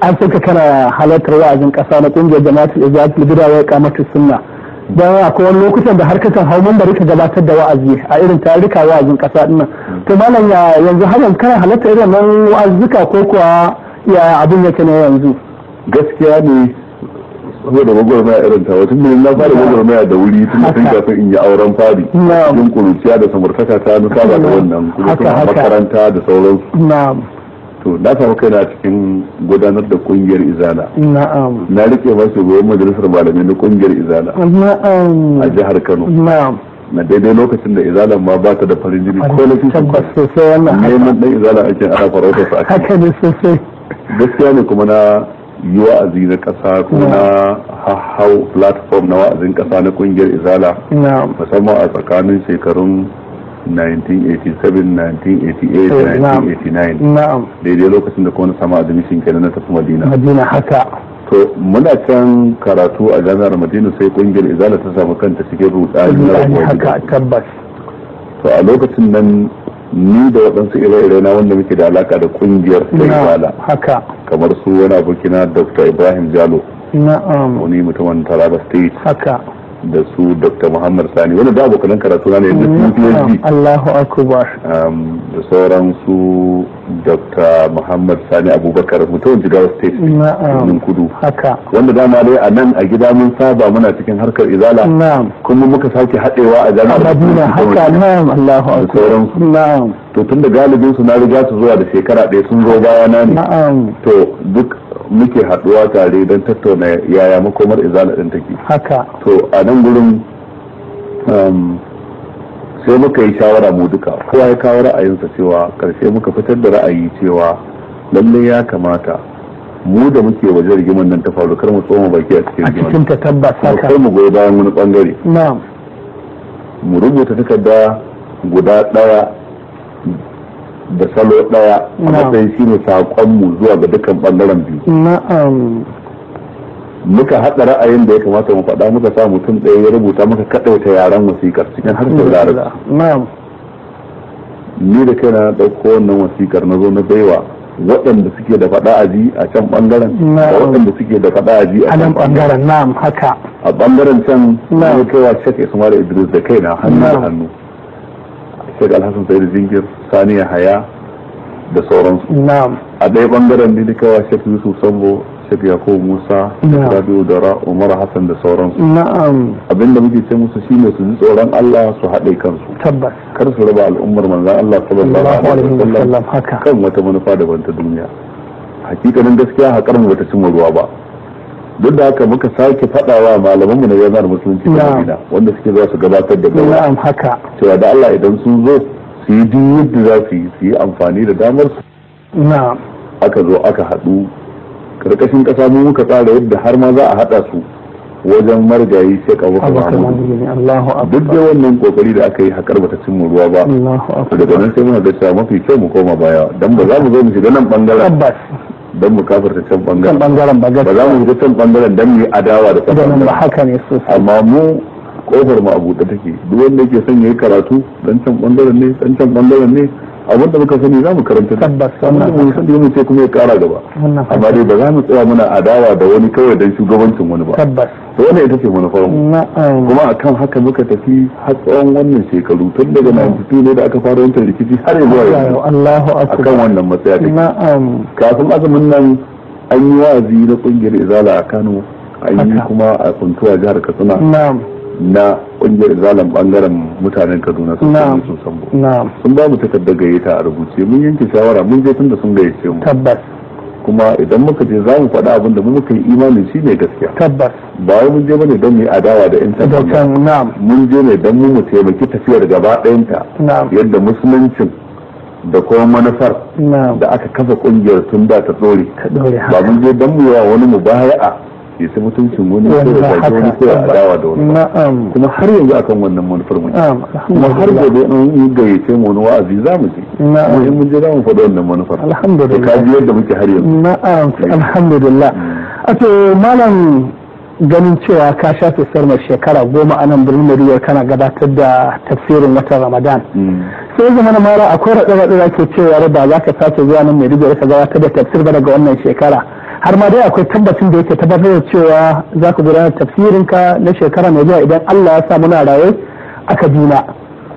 an saka kana halartar wa'azin ƙasa na ƙungiyar jama'atul izalatul bid'a wa iqamatus sunna don akwai wani lokutan da har kakan hau da rika gabatar da wa'azi a irin tarika wa'azin kasa dinnan to malam ya yanzu har yanzu kana halatta irin nan wa'azuka ko kuwa ya abin yake na yanzu gaskiya ne saboda gwagwarmaya irin ta wata ne na fara gwagwarmaya da wuri tun da kafin in yi auren fari yin kuruciya da samartaka ta nusa da wannan kuma makaranta da sauransu to na samu kaina cikin gudanar da kungiyar izala na'am na rike masu goyon majalisar malamai na kungiyar izala na'am a jihar Kano na'am na daidai lokacin da izala ma ba ta da farin jini ko na cikin sosai neman dan izala ake ana farautar sa haka ne sosai gaskiya ne kuma na yi wa'azi na kasa kuma na hau platform na wa'azin kasa na kungiyar izala musamman a tsakanin shekarun 1987-1988-1989 eh, na'am daidai lokacin da kuma sama samu admission kenan na tafi madina madina haka to muna can karatu a jami'ar madina sai kungiyar izala ta samu kanta cikin rudani na haka tabbas to a lokacin nan ni da waɗansu ire-ire na wanda muke da alaka da kungiyar izala haka kamar su wani abokina dr ibrahim jalo na'am wani mutumin taraba state haka da su dr muhammad sani wani da abokan karatu na ne mm-hmm. da allahu akbar um, da sauran su dr muhammad sani abubakar mutum jigawa state birnin kudu haka wanda dama dai a nan a gida mun saba muna cikin harkar izala kuma muka sake haɗewa a jami'ar madina haka da sauran na'am to tun da galibin su na riga su zuwa da shekara ɗaya sun zo baya na ne to duk muke haɗuwa tare don tattauna yaya makomar izala ɗin take haka to a nan gurin um, sai muka yi shawara mu duka kowa ya kawo ra'ayinsa cewa karshe muka fitar da ra'ayi cewa lallai ya kamata mu da muke waje rigimar nan ta faru kar mu tsoma baki a cikin rigimar a cikin ta tabbas haka kar mu goyi bayan wani bangare na'am mu rubuta takarda guda ɗaya. da salo daya a matsayin ne saƙonmu zuwa ga dukkan bangaren biyu na'am muka haɗa ra'ayin da ya kamata mu faɗa muka sa mutum ɗaya ya rubuta muka kaɗaita yaren wasikar cikin harshen larabci ni da kai na ɗauko wannan wasikar na zo na baiwa waɗanda suke da faɗa a ji a can ɓangaren da waɗanda suke da faɗa a ji a can ɓangaren na'am haka a ɓangaren can na kaiwa cikin ismail idris da na hannu da hannu shek alhassan da jingir saniya haya da sauransu a ɗaya bangaren ne kawa shek yusuf sambo shek yakubu musa rabiu dara umar hassan da sauransu na'am abinda muke ce musu shine su ji tsoron allah su haɗe kansu tabbas kar su raba al'ummar manzan allah sallallahu alaihi wasallam kan wata manufa daban ta duniya hakikanin gaskiya haƙar mu bata cimma ruwa ba duk da haka muka sake fadawa mu na yanar musulunci na Madina wanda suke zuwa su gabatar da gaba. na'am haka cewa da Allah idan sun zo su yi duk yadda za su yi amfani da damar su na'am aka zo aka haɗu karkashin ƙasa mu muka tsara yadda har ma za a haɗa su wajen marjayi sai ka akbar. duk da wannan kokari da aka yi hakar bata cin ruwa ba daga nan sai muna ga mafi kyau mu koma baya dan ba za mu zo mu shiga nan bangaren don mu kafarta can bangaren ba za mu yi can bangaren don mu yi adawa da can ba haka ne sosai amma mu kofar mu a buɗe take duk wanda yake son ya yi karatu dan can bangaren can bangaren ne abinda muka sani za mu karanta tabbas wannan mun sani kuma ya kara gaba amma dai ba za mu tsaya muna adawa da wani kawai dan shugabancin wani ba tabbas wannan ita ce manufar mu eh. kuma akan haka muka tafi har tsawon wannan shekaru tun daga 92 ne da aka fara wancan rikici har zuwa yanzu Allahu akbar akan wannan matsaya na'am eh. kafin azumin nan an yi wa'azi na kungiyar izala a Kano an yi kuma a kuntuwa jihar Katsina na'am na ƙungiyar zalan bangaren mutanen kaduna sun sami sun sambo sun ba mu takardar gayyata a rubuce mun yanke shawara mun je tunda sun gayyace mu tabbas kuma idan muka je za mu faɗa abin da muka yi imanin shi ne gaskiya tabbas ba wai mun je bane don mu yi adawa da yan ta'adda mun je ne don mu mu taimaki tafiyar gaba ɗayanta yadda musuluncin da kuma manufar da aka kafa ƙungiyar tun da ta dore ba mun je don mu yawa wani mu baya ya ci mutuncin wani ko da kai wani ko ya dawa da wani kuma har yanzu akan wannan manufar mu kuma har dai an yi gayyace mu wani wa'azi za mu je mu mun je za mu faɗi wannan manufar alhamdulillah ka ji yadda muke har yanzu na'am alhamdulillah mm. a to malam ganin cewa ka shafe sarmar shekara goma a nan birnin Madina kana gabatar da tafsirin watan Ramadan. Mm. Sai zama na mara akwai raɗe-raɗe da ke cewa ba za ka sace zuwa nan Maiduguri ka gabatar da tafsir ba daga wannan shekara. har ma dai akwai tabbacin da yake tabbatar da cewa za ka gudanar tafsirinka na shekara mai zuwa idan Allah ya sa muna raye a Kaduna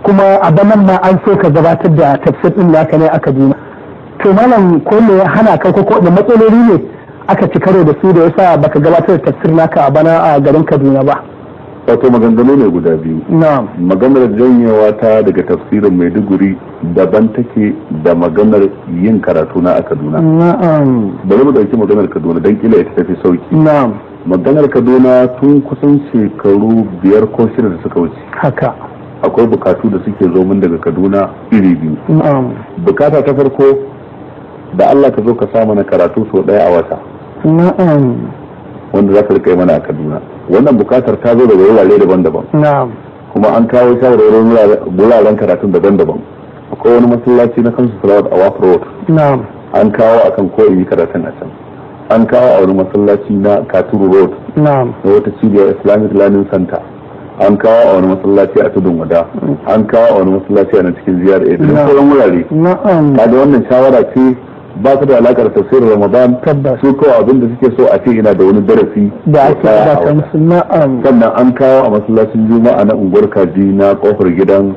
kuma a banan ma an so ka gabatar da tafsir din naka ne a Kaduna to malam ko me ya hana ka ko da matsaloli ne aka ci karo da su da yasa baka gabatar da tafsir naka a bana a garin Kaduna ba wato maganganu ne guda biyu maganar janyewa ta daga tafsirin maiduguri daban take da maganar yin karatu na a kaduna bari mu dauki maganar kaduna don kila ita tafi sauki maganar kaduna tun kusan shekaru biyar ko shida da suka wuce haka akwai bukatu da suke zo min daga kaduna iri biyu bukata ta farko da allah ka zo ka sa mana karatu sau daya a wata wanda za ka rika mana a kaduna wannan bukatar ta zo daga wurare daban-daban kuma an kawo shawarar wuraren karatun daban-daban akwai wani masallaci na kansu salawat a wafar road an kawo a kan koyi karatun a can an kawo a wani masallaci na katuru road na wata cibiyar islamic learning center an kawo a wani masallaci a tudun wada mm. an kawo a wani masallaci a cikin ziyar a wurare kaga wannan shawara ce ba su da alakar tafsirin ramadan su kawai abin da suke so a ce ina da wani darasi da ake da kan sannan an kawo a masallacin juma'a na unguwar kaji na kofar gidan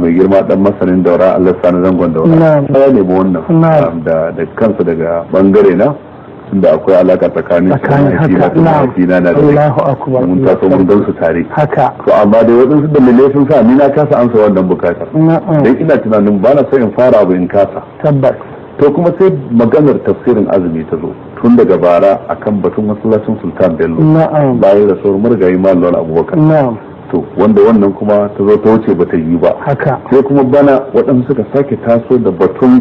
mai girma dan masanin daura Allah sani zangon daura ya wannan da kansa daga bangare na tunda akwai alaka tsakanin shi na na da mun mun gan su tare haka to amma dai waɗansu dalilai sun sa ni na kasa ansa wannan bukatar dan ina tunanin ba na so in fara abu in kasa tabbas to kuma sai maganar tafsirin azumi ta zo tun daga bara akan batun masallacin sultan bello bayan da sauran marigayi malon abubakar to wanda wannan kuma ta zo ta wuce bata yi ba sai kuma bana waɗansu suka sake taso da batun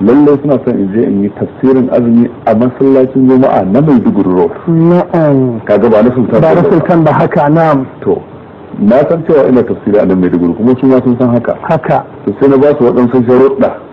lallai suna son in je in yi tafsirin azumi a masallacin juma'a na maiduguri road na'am kaga ba na sultan ba na sultan ba haka na'am to na san cewa ina tafsiri a nan duguru kuma su ma sun san haka haka to sai na ba su waɗansu sharuɗa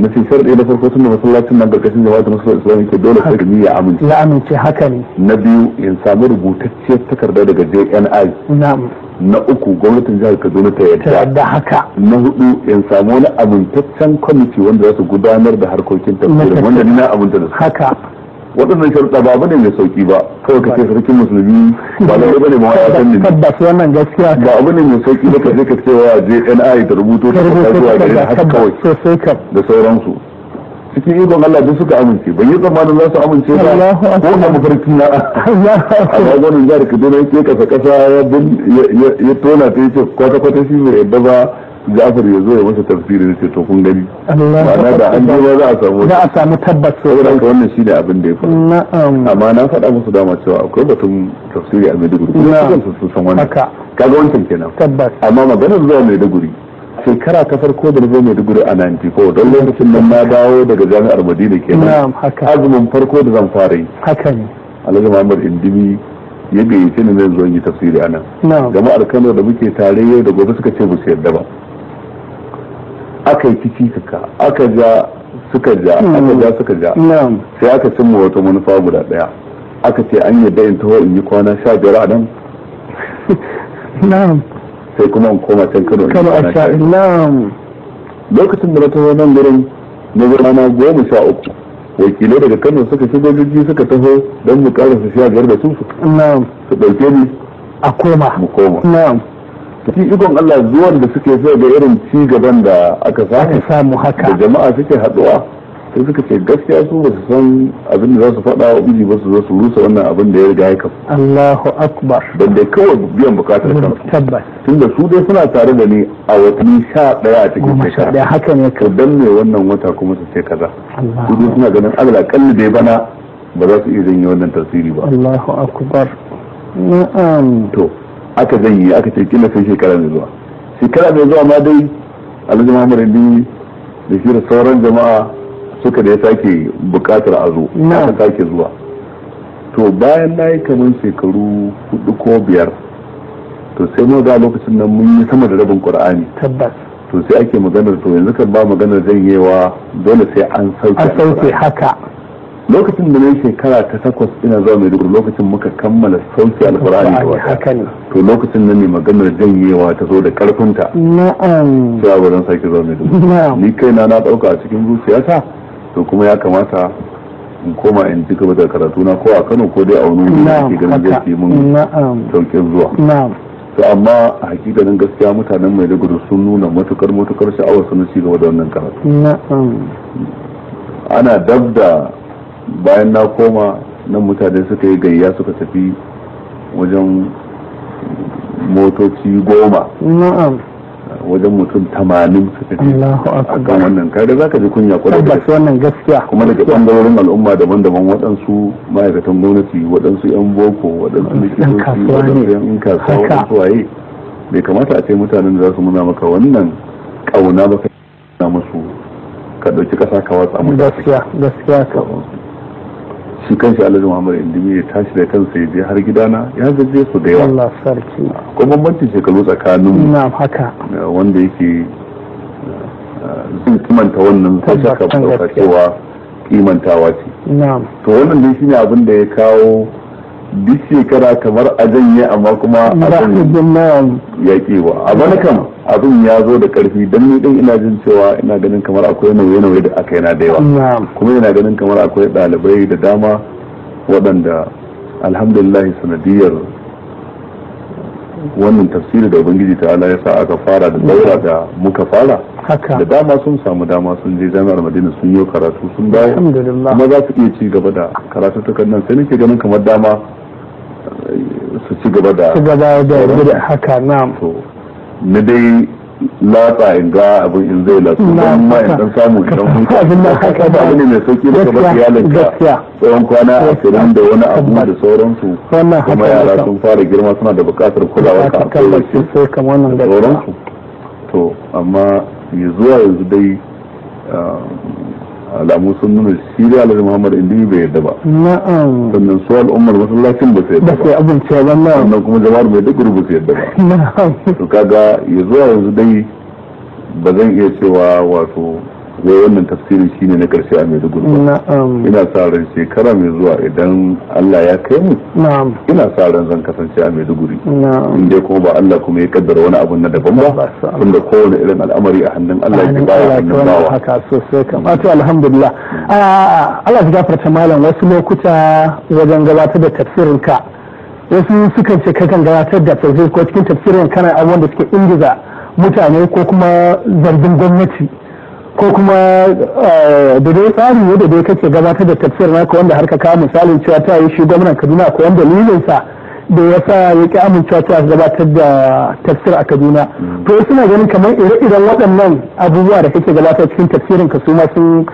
na fi sharɗi na farko tun da masallacin nan ƙarƙashin jama'atul musulmi islami ke dole karmi ya amince ya amince haka ne na biyu in samu rubutacciyar takarda daga JNI na'am na uku gwamnatin jihar Kaduna ta yadda ta yadda haka na hudu in samu wani amintaccen kwamiti wanda za su gudanar da harkokin tafsirin wanda ni na aminta da haka waɗannan sharuɗa ba bane mai sauki ba kawai ka ce sarkin musulmi ba lalle bane ma tabbas wannan gaskiya ba abu ne mai sauki ba ka je ka ce wa JNI ta rubuto ta rubuta zuwa gare haka kawai da sauransu cikin ikon Allah duk suka amince ban yi tsammanin za su amince ba ko na mafarki na a ragonin jihar Kaduna yake kasa kasa ya tona ta yace kwata kwata shi mai yadda ba Ja'far ya zo ya masa tafsiri ne ce to kun gani ma'ana da an je za a samu za a samu tabbas saboda haka wannan shine abin da ya faru na'am amma na faɗa musu dama cewa akwai batun tafsiri a Maiduguri kuma sun san wannan kaga wancan kenan tabbas amma maganar zuwa Maiduguri shekara ta farko da zo Maiduguri a 94 don lokacin nan na dawo daga jami'ar Madina kenan azumin farko da zan fara yi haka ne Alhaji Muhammad Indimi ya gayyace ni zan zo yi tafsiri anan jama'ar Kano da muke tare yau da gobe suka ce musu su yarda ba aka yi kiki kaka aka ja suka ja hmm. aka ja suka ja sai aka cimma wata manufa guda daya aka ce an yadda in taho in yi kwana sha biyar a nan sai kuma in koma can kano a sha lokacin da na taho nan gurin na rana goma sha uku wakilai daga kano suka shigo jirgi suka taho don mu karasa sha biyar da su su ɗauke ni a koma mu koma cikin ikon Allah zuwan da suke so ga irin ci gaban da aka samu haka da jama'a suke haduwa sai suka ce gaskiya su ba su san abin da za su faɗa wa miji ba su zo su rusa wannan abin da ya riga ya kafu Allahu akbar dan dai kawai biyan bukatar kansu mm, tabbas tunda su dai suna tare da ni a watanni sha ɗaya a cikin shekara haka ne ka dan me wannan wata kuma su ce kaza su dai suna ganin Allah kalli dai bana ba za su iya janye wannan tasiri ba Allahu akbar na'am to aka yi aka ce kila sai shekara mai zuwa shekara mai zuwa ma dai alhaji muhammad ali da shi da sauran jama'a suka da ya sake bukatar a zo aka sake zuwa to bayan na yi kamar shekaru hudu ko biyar to sai mu ga lokacin nan mun yi sama da rabin qur'ani tabbas to sai ake maganar to yanzu kan ba maganar janyewa dole sai an sauke an sauke haka lokacin da na yi shekara ta takwas ina zuwa maiduguri lokacin muka kammala sauki alkurani da wata to lokacin nan ne maganar janyewa ta zo da karfinta na'am sai ba zan sake zuwa maiduguri ni kaina na dauka a cikin zuciyata to kuma ya kamata in koma in ji gaba da karatu na ko a Kano ko dai a wani wuri da ke ganin zai mun sauƙin zuwa to amma a hakikanin gaskiya mutanen maiduguri sun nuna matukar matukar sha'awar sun na ci gaba da wannan karatu na'am ana dabda bayan na koma nan mutane suka yi gayya suka tafi wajen motoci goma na'am wajen mutum tamanin suka ce a kan wannan kare za ka ji kunya kwarai da wannan gaskiya kuma daga bangarorin al'umma daban-daban waɗansu ma'aikatan gwamnati waɗansu 'yan boko waɗansu likitoci waɗansu 'yan kasuwa waɗansu waye bai kamata a ce mutanen da za su muna maka wannan ƙauna ba ka na musu ka ɗauki ƙasa ka watsa mu gaskiya gaskiya shi kan shi alhaji muhammad indimi ya tashi da kansa ya je har gidana ya zaje su da yawa Allah sarki ko bambanci shekaru tsakanin na'am haka wanda yake zai kimanta wannan ta shaka cewa kimantawa ce na'am to wannan dai shine abin da ya kawo duk shekara kamar a janye amma kuma abin ya kewa a bana kam abin ya zo da karfi don ni din ina jin cewa ina ganin kamar akwai nauye-nauye da aka yana da yawa kuma ina ganin kamar akwai ɗalibai da dama waɗanda alhamdulillah sanadiyar wannan tafsiri da bangiji ta ala ya sa aka fara da daura da muka fara da dama sun samu dama sun je jami'ar madina sun yi karatu sun dawo kuma za su iya ci gaba da karatu ta nan sai nake ganin kamar dama su ci gaba da ci gaba da haka to na dai latsa in ga abin in zai latsu ba amma in dan samu idan kun ka ba ne mai sauki da kamar iyalin tsawon kwana ashirin da wani abu da sauransu kuma yara sun fara girma suna da bukatar kulawar ka a kowace sauransu to amma zuwa yanzu dai ah, alamu sun nuna shi da alhaji muhammad indi bai yadda ba na'am sannan su al'ummar masallacin ba su yadda ba sai abinci ba na'am sannan kuma jama'ar mai duk rubu su yadda ba na'am kaga ya zuwa yanzu dai ba zan iya cewa wato ne wannan shi shine na karshe a Maiduguri na'am ina sa ran shekara mai zuwa idan Allah ya kai mu na'am ina sa ran zan kasance a Maiduguri na'am in kuma ba Allah kuma ya kaddara wani abu na daban ba tunda kowane irin al'amari a hannun Allah ya a hannun bawa haka sosai kam to alhamdulillah hmm. ah, Allah ya gafarta malam wasu lokuta wajen gabatar da tafsirin ka wasu sukan ce kakan gabatar da tafsirin ko cikin tafsirin kana abubuwan da suke ingiza mutane ko kuma zargin gwamnati ko kuma eh, da dai tsarin yadda dai kake gabatar da tafsir naka wanda har ka kawo misalin cewa ta yi shi gwamnan kaduna ko wanda sa da ya sa ya ki amincewa cewa gabatar da tafsir a kaduna to suna ganin kamar ire-iren waɗannan abubuwa da kake gabatar cikin tafsirin ka su ma sun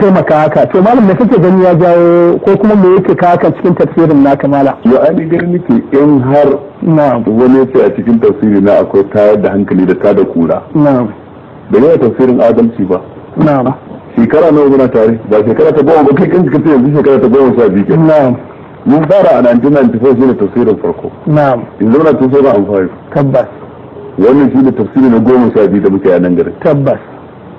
taimaka haka to malam da kake gani ya jawo ko kuma me yake ka haka cikin tafsirin naka malam yo an gani nake in har na wani yace a cikin tafsirin na akwai tayar da hankali da tada kura na'am bai yi tafsirin adalci ba na'am shekara nawa muna tare ba shekara ta goma ba kai kan kace yanzu shekara ta goma sha biyu na'am mun fara a 1994 shine tafsirin farko na'am yanzu muna tafsirin amfani tabbas wannan shine tafsirin na goma sha biyu da muke a nan garin tabbas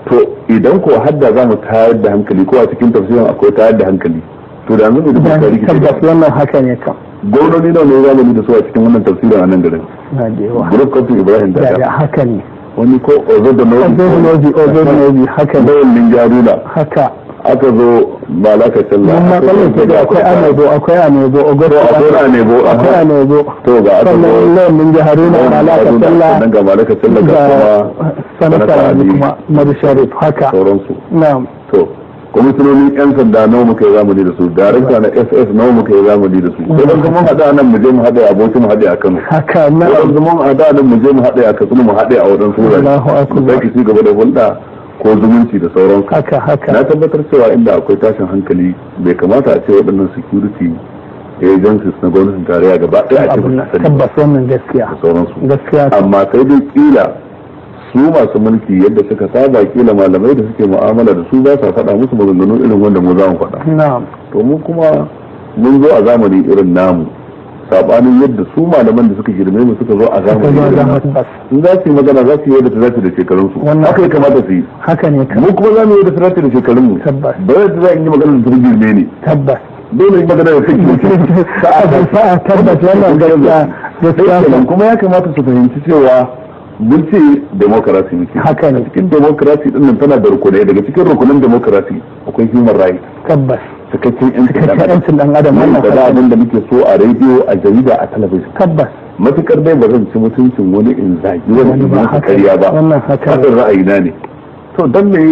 to idan ko hadda za mu tayar da hankali ko a cikin tafsirin akwai tayar da hankali to da yanzu mu duba tarihi tabbas wannan hakan ya kam gwamnoni nawa ne zamani da su a cikin wannan tafsirin a nan garin na da yawa Ibrahim da haka ne wani ko ozodonozi ozodonozi haka bayan lingaruna haka aka zo ba la ka sallah mun ma kallon ke da akwai anebo akwai anebo ogoro akwai anebo akwai anebo to ga aka zo sannan min ga haruna ba la ka sallah sannan ga ba la ga kuma sanata kuma marsharif haka sauransu na'am to kwamishinonin yan sanda nawa muka yi zamani da su darakta na ss nawa muka yi zamani da su sai wanzu mun haɗa nan mu je mu haɗe a mu haɗe a kano haka nan hada mun haɗa nan mu je mu haɗe a katsina mu haɗe a wajen wurare sai ki ci gaba da hulɗa ko zumunci da sauransu haka haka na tabbatar cewa inda akwai tashin hankali bai kamata a ce waɗannan security agencies na gwamnatin tarayya gaba ɗaya a cikin tabbas wannan gaskiya gaskiya amma sai dai kila su masu mulki yadda suka saba kila malamai da suke mu'amala da su za su faɗa musu maganganun irin wanda mu za mu faɗa to mu kuma mun zo a zamani irin namu sabanin yadda su malaman da suka girme mu suka zo a zamani in za su yi magana za su yi yadda ta dace da shekarun su haka ya kamata su yi haka ne mu kuma za mu yi yadda ta dace da shekarun mu tabbas ba yadda za in yi magana da ta girme ne tabbas dole yi magana da ta girme sa'a tabbas wannan gaskiya kuma ya kamata su fahimci cewa mun ce demokarasi muke haka ne cikin demokarasi din nan tana da rukunai daga cikin rukunin demokarasi akwai human rights tabbas cikakken yancin dan adam wannan da abin da muke so a rediyo a jarida a talabijin tabbas matukar dai ba zan ci mutuncin wani in zagi wani ba karya ba wannan ra'ayina ne to dan me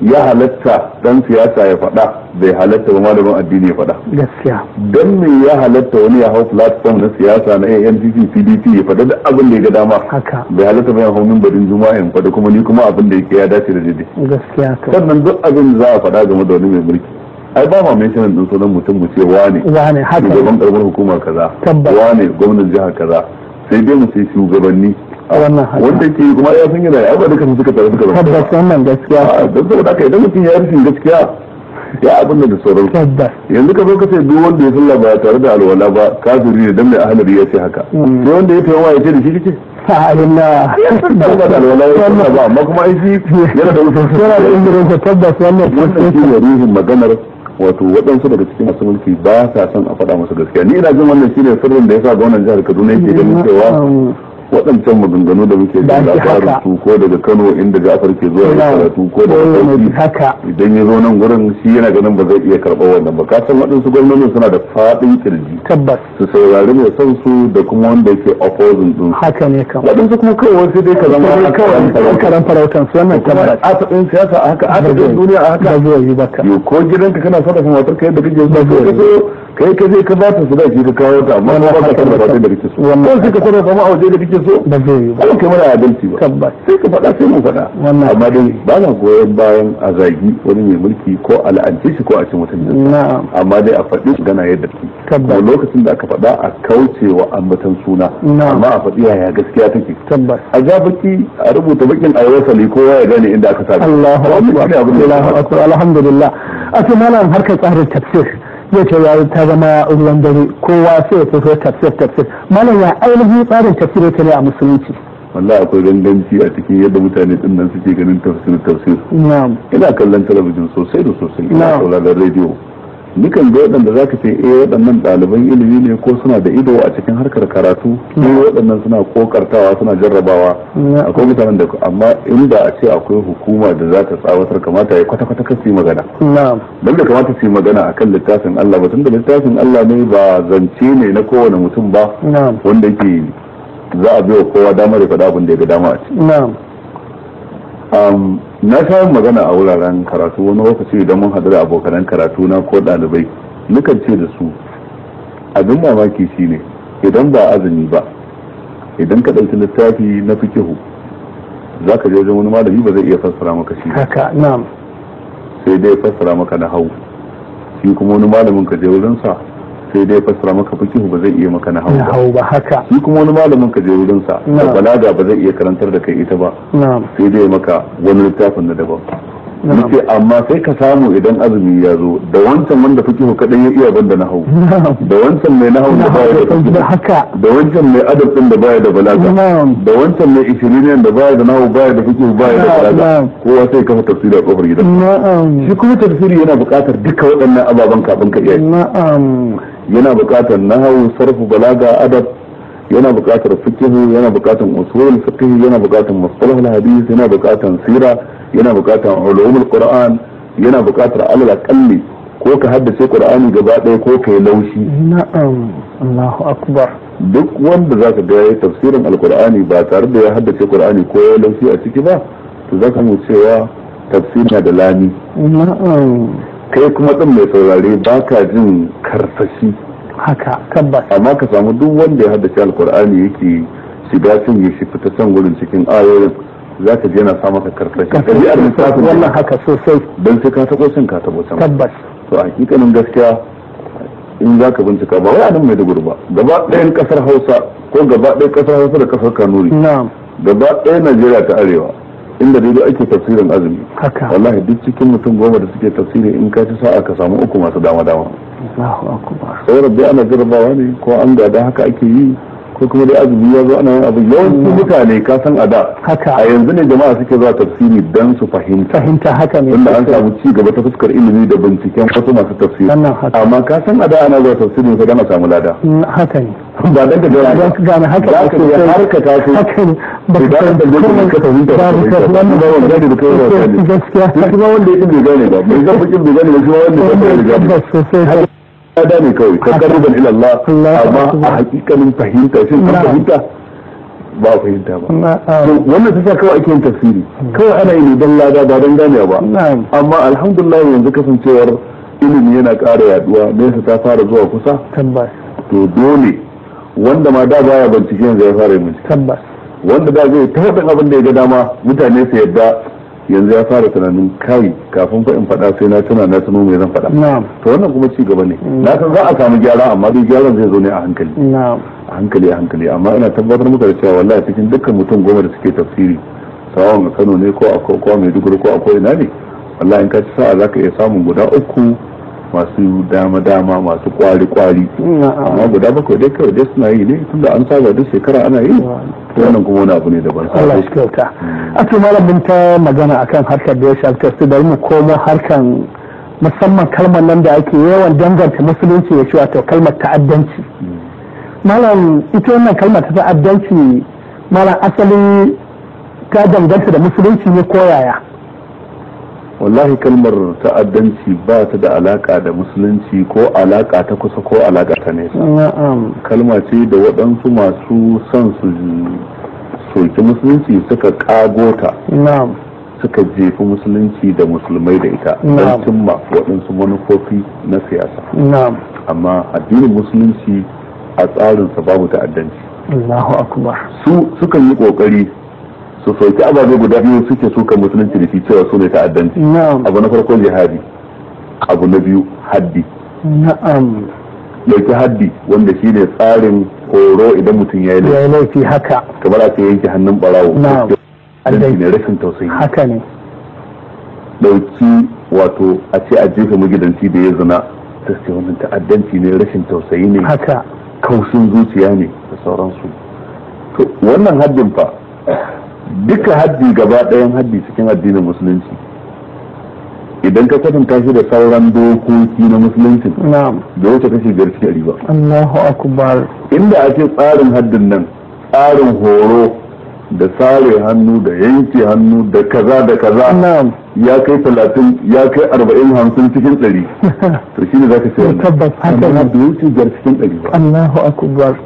ya halatta dan siyasa ya faɗa bai halatta ba malamin addini ya faɗa gaskiya dan me ya halatta wani ya hau platform na siyasa na ANPP PDP ya faɗa da abin da ya ga dama haka bai halatta ba ya hau mimbarin juma'a in faɗa kuma ni kuma abin da yake ya dace da daidai gaskiya sannan duk abin da za a faɗa game da wani mai mulki ai ba ma mention din sunan mutum mu ce wane wane haka shugaban karamar hukumar kaza wane gwamnan jihar kaza sai dai mu sai shugabanni a wannan hali wanda ke kuma ya san yana ya ba duka suka tare suka zama tabbas wannan gaskiya ah, don saboda haka idan mutum ya yi gaskiya ya abin da sauran tabbas yanzu ka zo ka ce duk wanda ya sallah ba tare da alwala ba kafiri ne dan mai ahlari ya ce haka duk hmm. wanda ya tayawa ya ce da shi kike ta'alillah yana da alwala ba kuma ai shi yana da usul yana da indirin tabbas wannan wannan shi ne ruhin maganar wato waɗansu daga cikin masu mulki ba sa son a faɗa masa gaskiya ni ina jin wannan shine sirrin da yasa gwamnatin jihar Kaduna yake ganin hmm. cewa hmm. waɗancan maganganu da muke da Ja'far su ko daga Kano inda Ja'far ke zuwa ya karatu ko da Bauchi haka idan ya zo nan gurin shi yana ganin ba zai iya karɓar wannan ba kasan waɗansu gwamnati suna da faɗin kirji tabbas su saurari mai son su da kuma wanda yake opposing din haka ne kam waɗansu kuma kawai sai dai ka zama kawai karan farautan su wannan tabbas a faɗin siyasa a haka a faɗin duniya haka ba zai yi ba ka ko gidanka kana sarrafa matar ka yadda kake so kai ka je ka ba ta sadaki ka kawo ta amma ba ka da ta da kake so wannan sai ka sarrafa ma a waje da kake so ba zai yi ba kai mana adalci ba sai ka faɗa sai mu faɗa amma dai ba na goyon bayan a zagi wani mai mulki ko a shi ko a cin mutum da amma dai a faɗi gana yadda take kuma lokacin da aka faɗa a kaucewa ambatan suna amma a faɗi yaya gaskiya take a ja baki a rubuta bakin a wasali kowa ya gane inda aka sa Allahu akbar Allahu akbar alhamdulillah a malam harkar tsarin tafsir zai ce ya ta zama ruwan dare kowa sai ya fito tafsir tafsir malam ya ainihin tsarin tafsir yake ne a musulunci wallahi akwai ganganci a cikin yadda mutane din nan suke ganin tafsir tafsir ina kallon talabijin sosai da sosai ina sauraron rediyo dukan ga waɗanda za ka ce eh waɗannan ɗaliban ilimi ne ko suna da ido a cikin harkar karatu ko mm. waɗannan suna kokartawa suna jarrabawa mm. akwai mutanen da amma inda a ce akwai hukuma da za ta tsawatar kamata ya kwata kwata kasi magana don da kamata su yi magana akan littafin Allah ba da littafin Allah ne ba zance ne na kowane mutum ba wanda ke za a bai wa kowa damar ya faɗa abin da ya ga dama a ci. na ta magana a wuraren karatu wani lokaci idan mun hadu da abokanan karatu na ko ɗalibai nukan ce da su abin mamaki shi ne, idan ba azumi ba idan ka ɗauki littafi na fikihu za ka je wani malami ba zai iya fassara maka shi haka na'am sai dai fassara maka na hau shi kuma wani malamin ka je wurinsa sai dai fassara maka fikihu ba zai iya maka na hau ba haka shi kuma wani malamin ka je wurin balaga ba zai iya karantar da kai ita ba sai dai maka wani littafin na daban nace amma sai ka samu idan azumi ya zo da wancan wanda fikihu kadan ya iya banda na hau da wancan mai na hau da baya da fikihu da wancan mai adab din da baya da balaga da wancan mai ishiriniyan da baya da nahu baya da fikihu baya da balaga kowa sai kafa tafsiri a kofar gidan shi kuma tafsiri yana buƙatar duka waɗannan ababen kafin ka iya yana buƙatar nahawu sarfu balaga adab yana buƙatar fikihu yana buƙatar usul fikihu yana buƙatar mustalahul hadis yana buƙatar sira yana buƙatar ulumul qur'an yana buƙatar alal aqalli ko ka haddace qur'ani gaba ɗaya ko kai laushi na'am Allahu akbar duk wanda zaka ga yayi tafsirin alqur'ani ba tare da ya haddace qur'ani ko ya laushi a ciki ba to zaka mu cewa na da lami na'am kai kuma ɗin mai saurare ba ka jin karfashi. haka tabbas amma ka samu duk wanda ya haddace alkur'ani yake shiga cin ya shi fita can wurin cikin ayoyin za ka je na sa maka karsashi ɗabi'ar lissafin wannan haka sosai don sai ka taɓo cin ka taɓo can tabbas to a hakikanin gaskiya in za ka bincika ba wai anan mai da gurba gaba ɗayan ƙasar hausa ko gaba ɗayan ƙasar hausa da ƙasar kanuri gaba ɗayan najeriya ta arewa inda dai ake tafsirin azumi wallahi duk cikin mutum goma da suke tafsiri in ka ci sa'a ka samu uku masu dama dama sai rabbi ana jarabawa ne ko an gada haka ake yi ko kuma dai azumi ya zo ana yin abu yawancin mutane ka san a da a yanzu ne jama'a suke zuwa tafsiri don su fahimta fahimta haka ne wanda an samu ci gaba ta fuskar ilimi da binciken wasu masu tafsiri amma ka san a da ana zuwa tafsirin sa gana samu lada mm, haka ba daga da ba ka gane haka ba ka ga har ka tafi ba ka san da gurbin ka tafi da ba ka wannan ba wanda da kai ba gaskiya shi ma wanda yake gane ba bai zan fakin bai gane ba shi wanda ba gane ba sosai ka gane kawai ka garban ila Allah amma a hakikanin fahimta shin ka fahimta ba fahimta ba wannan ta kawai ake yin tafsiri mm. kawai ana yi don lada ba dan gane ba amma alhamdulillah yanzu kasancewar ilimi yana ƙara yaduwa nesa ta fara zuwa kusa to dole wanda ma da baya bincike yanzu ya fara bincike tabbas wanda da zai ta wadin abin da ya ga dama mutane su yadda yanzu ya fara tunanin kai kafin fa in faɗa sai na tuna na tuno mai zan faɗa to wannan kuma ci gaba ne mm. na san za a samu gyara amma duk gyaran zai zo ne a hankali a hankali a hankali amma ina tabbatar muka da cewa wallahi cikin dukkan mutum goma da suke tafsiri sawan a Kano ne ko a ko Maiduguri ko a ko ina ne wallahi in ka ci sa'a ka iya samun guda uku masu dama-dama masu kwari-kwari amma guda bakwai dai kawai dai suna yi ne tunda an saba duk shekara ana yi wannan kuma wani abu ne daban Allah shi kyauta a ce malam mun ta magana akan harkar da ya shafi tafi da mu koma harkan musamman kalmar nan da ake yawan danganta musulunci ya cewa wato kalmar ta'addanci malam ita wannan kalmar ta ta'addanci malam asali ta danganta da musulunci ne koyaya wallahi kalmar ta'addanci ba ta da alaka da musulunci ko alaka ta kusa ko alaka ta nesa kalma ce da waɗansu masu son su soki musulunci suka ƙago ta suka jefi musulunci da musulmai da ita don cimma waɗansu manufofi na siyasa amma addinin musulunci a tsarinsa babu ta'addanci su sukan yi ƙoƙari su sauki ababe guda biyu suke suka musulunci da shi cewa su ne ta'addanci abu na farko jihadi abu na biyu haddi na'am dauki haddi wanda shi ne tsarin horo idan mutum ya yi laifi haka kamar aka yanke hannun barawo na'am ne haka ne dauki wato a ce a jefa magidanci da ya zina ta ce wannan ta'addanci ne rashin tausayi ne haka Kausun zuciya ne da sauransu to wannan haddin fa duka haddi gaba ɗayan haddi cikin addinin musulunci idan ka kwatin tashi da sauran dokoki na musulunci da wata kashi biyar cikin riba Allahu akbar inda ake tsarin haddin nan tsarin horo da sare hannu da yanke hannu da kaza da kaza ya kai talatin ya kai arba'in hamsin cikin ɗari to shi ne za ka ce wani tabbas haka na biyar cikin ɗari ba Allahu akbar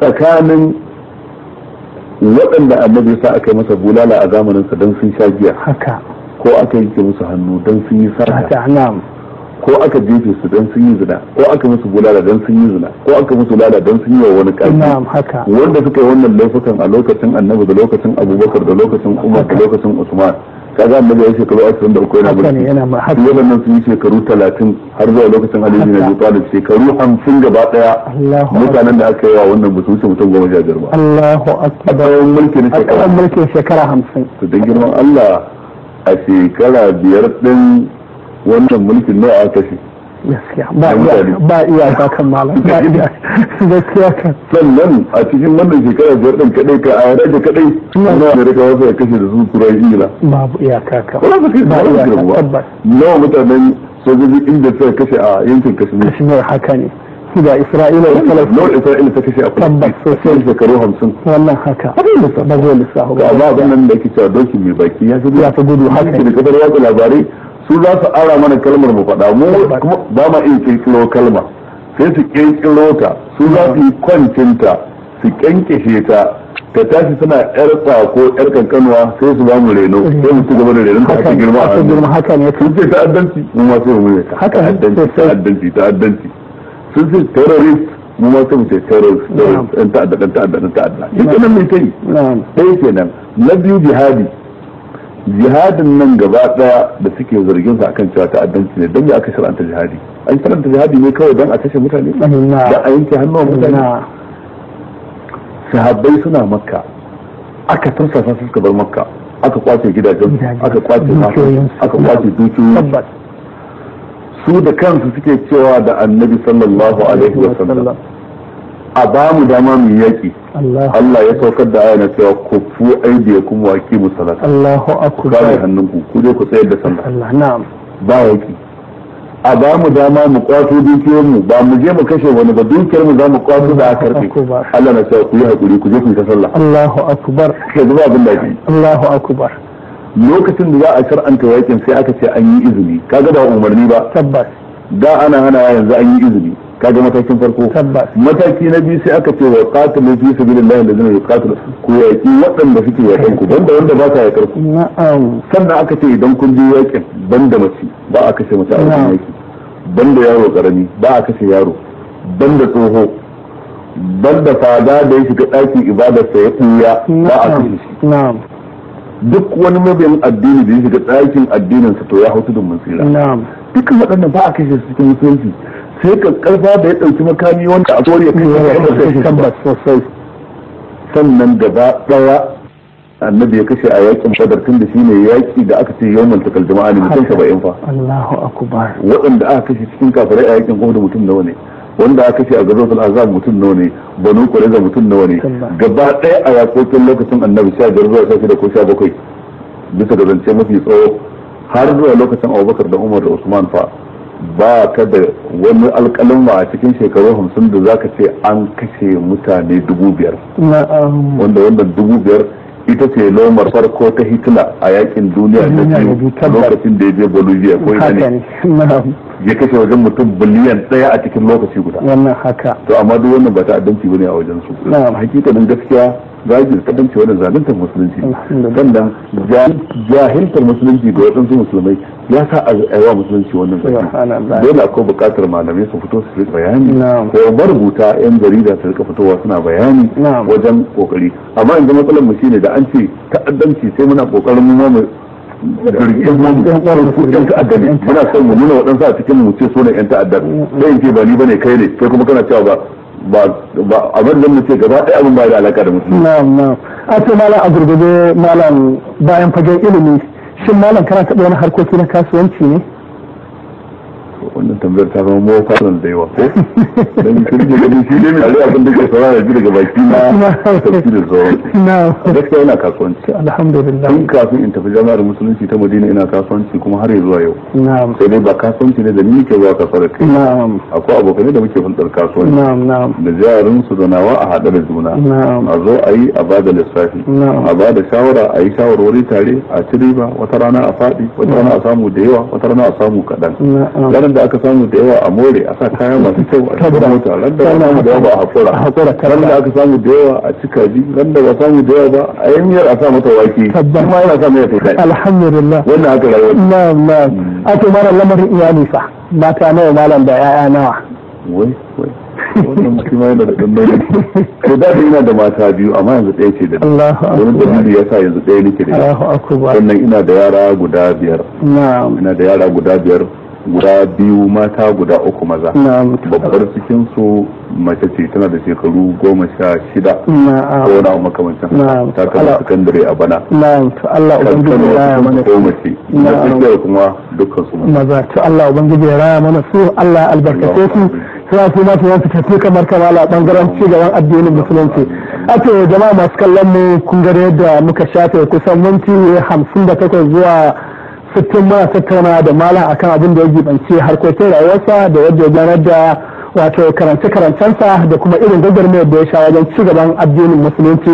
tsakanin waɗanda annabi sa aka yi masa bulala a zamanin sa don sun sha giya haka ko aka yanke musu hannu don sun yi sarka ko aka jefe su don sun yi zina ko aka musu bulala don sun yi zina ko aka musu lala don sun yi wa wani ƙarfi wanda suka yi wannan laifukan a lokacin annabi da lokacin abubakar da lokacin umar da lokacin usman kaga annabi ya shekaru 23 yana mulki yana mulki sun yi shekaru 30 har zuwa lokacin Ali bin Abi Talib shekaru 50 gaba daya mutanen da aka yi wa wannan ba su mutum goma sha biyar ba Allahu akbar bayan mulkin shekara mulkin shekara 50 to dan girman Allah a shekara biyar din wannan mulkin nawa aka shi gaskiya ba iyaka kan malam ba gaskiya kan sannan a cikin wannan shekara biyar din kadai ka a rage kadai nawa amerika wasu ya kashe da su turai ingila babu iyaka kan ba iyaka tabbas nawa mutanen sojojin ingila suka kashe a yankin kashmir kashmir haka ne da isra'ila da falastin nawar isra'ila ta kashe a tabbas sosai shekaru hamsin wannan haka ba zai lissafa ba ba nan da ake cewa doki mai baki ya fi gudu haka ne da kasar watsa labarai su za su ara mana kalmar mu faɗa mu kuma ba ma iya kirkiro kalma sai su kirkiro ta su za su yi kwancinta su kyankyashe ta ta tashi suna yar ko yar kankanuwa sai su ba mu reno sai mu ci gaba da reno ta girma a girma haka ne sun ce ta'addanci mu ma sai mu ne ta'addanci ta'addanci ta'addanci sun ce terrorist mu ma sai mu ce terrorist ta'adda ta'adda ta'adda ta'adda shi kenan mai kai ɗaya kenan na biyu jihadi jihadin nan gaba daya da suke zargin sa akan cewa ta'addanci ne don ya aka shar'anta jihadi an shar'anta jihadi ne kawai don a kashe mutane da a yanke hannuwan mutane sahabbai suna makka aka tursasa su suka bar makka aka kwace gidajen aka kwace aka kwace dukiyoyi su da kansu suke cewa da annabi sallallahu alaihi wa sallam a ba mu dama mu yaki Allah ya saukar da ayyana cewa ku fu aidiya kuma waki mu salata Allahu akbar kare hannunku ku je ku tsayar da sallah Allah na'am ba yaki a ba mu dama mu kwato dukiyar mu ba mu je mu kashe wani ba dukiyar mu za mu kwato da aka karbe Allah na cewa ku yi hakuri ku je ku yi ta sallah Allahu akbar ke zuwa abin da Allahu akbar lokacin da za a shar'anta yakin sai aka ce an yi izini kaga ba umarni ba tabbas da ana hana yanzu an yi izini kaga matakin farko mataki na biyu sai aka ce wa qatilu fi sabilillahi allazina yuqatilu ku yaki waɗanda suke yakin ku banda wanda ba sa ya karku. na'am sannan aka ce idan kun je yakin banda mace ba aka ce mace a wajen yaki banda yaro karami ba aka ce yaro banda tsoho banda fada da ya shiga ɗakin ibadar sa ya ɓuya ba a kashe shi duk wani mabiyan addini da ya shiga ɗakin addinin sa to ya hau tudun mun tsira dukkan waɗannan ba a kashe su cikin musulunci sai karfa da ya ɗauki makami wanda a tsori ya kai ya kai sosai sannan gaba ɗaya annabi ya kashe a yakin badar tun da shi ne yaki da aka ce yawmal takal jama'a ne mutum saba'in fa Allahu akbar waɗanda aka kashe cikin kafirai a yakin kuma da mutum nawa ne wanda aka kashe a gazotul azab mutum nawa ne banu qurayza mutum nawa ne gaba ɗaya a yakokin lokacin annabi sha biyar zuwa sha shida ko sha bakwai bisa ga zance mafi tsawo har zuwa lokacin abubakar da umar da usman fa ba ka da wani alƙalin a cikin shekaru hamsin da za ka ce an kashe mutane dubu biyar wanda wanda dubu biyar ita ce lomar farko ta hitler a yakin duniya na lokacin da ya je bolivia ko ita ne ya kashe wajen mutum biliyan ɗaya a cikin lokaci guda wannan haka to amma duk wannan ba ta addanci bane a wajen su Na hakikanin gaskiya zagin kadanci wadda zaluntar musulunci sannan jahiltar musulunci ga waɗansu musulmai ya sa a yawa musulunci wannan zaki dole akwai buƙatar malamai su fito su rika bayani ko marubuta yan jarida su rika fitowa suna bayani wajen kokari amma yanzu matsalar mu shine da an ce ta'addanci sai muna kokarin mu mu jirgin mun kuɗin ta'adda ne muna son mu nuna waɗansu a cikin mu ce sunan yan ta'addar. sai in ce ba ni bane kai ne kai kuma kana cewa ba ba a mu ce gaba ɗaya abin ba da alaƙa da musulmi na'am na'am a ce malam a gurgurde malam bayan fagen ilimi shin malam kana taɓa wani harkoki na kasuwanci ne wannan tambayar ta zama mawa fasan da yawa ko don kirje gani shi ne mai abin da ke saura da ji daga baki na tafi da sauran na gaskiya ina kasuwanci alhamdulillah tun kafin in tafi jama'ar musulunci ta madina ina kasuwanci kuma har zuwa yau na'am sai dai ba kasuwanci ne da ni ke zuwa kasuwar kai na'am akwai abokanai da muke hulɗar kasuwanci na'am na'am da jarin su da nawa a haɗa da juna na'am a zo ayi a bada lissafi na'am a bada da shawara a shawarwari tare a ci riba wata rana a faɗi wata rana a samu da yawa wata rana a samu kaɗan da aka samu da yawa a more a sa kaya masu kyau a cikin mota nan da samu da yawa a hakura nan da aka samu da yawa a cika ji nan ba samu da yawa ba a yi a sa mata wake wannan haka yana da da da ce da ya sa yanzu ɗaya da sannan ina da yara guda biyar guda biyu mata guda uku maza babbar cikin su mace ce tana da shekaru goma sha shida ko wani abu makamancin ta kama sakandare a bana na'am to Allah ubangiji ya raya mana su mace na tsakiyar kuma dukkan su maza to Allah ubangiji ya raya mana su Allah albarkace su sai su ma su tafi kamar kamala bangaren cigaban addinin musulunci ake jama'a masu kallon mu kun gane yadda muka shafe kusan minti hamsin da takwas zuwa sittin muna tattauna da malam akan abin da ya jibanci harkokin rayuwarsa da yadda ya gudanar da wato karance-karancensa da kuma irin gwagwarmayar da ya sha wajen ci gaban addinin musulunci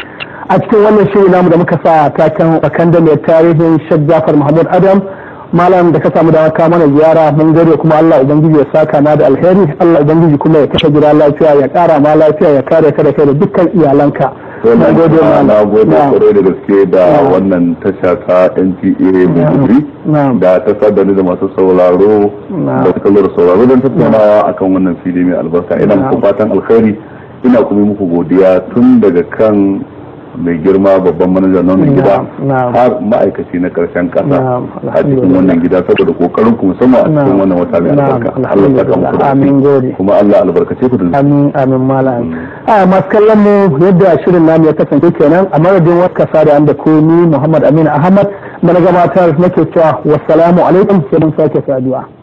a cikin wannan shiri namu da muka sa taken wakanda mai tarihin shek jafar muhammad adam malam da ka samu dama ka mana ziyara mun gode kuma allah ubangiji ya saka na da alheri allah ubangiji kuma ya kashe gida lafiya ya kara ma lafiya ya kare ka da kai da dukkan iyalanka na gode na gode kwarai da gaske da wannan tasha ta NTA Maiduguri da ta sadani da masu sauraro da kallar sauraro don tattaunawa akan wannan fili mai albarka ina muku fatan alkhairi ina kuma muku godiya tun daga kan mai girma babban manajan wani gida har ma'aikaci na karshen kasa a cikin wannan gida saboda kokarin ku musamman a cikin wannan wata mai albarka Allah ya kuma Allah albarkace ku da amin amin malam a masu kallon mu yadda shirin namu ya kasance kenan a madadin wata kasa da ko ni Muhammad Amin Ahmad mana gabatar nake cewa wassalamu alaikum sai mun sake saduwa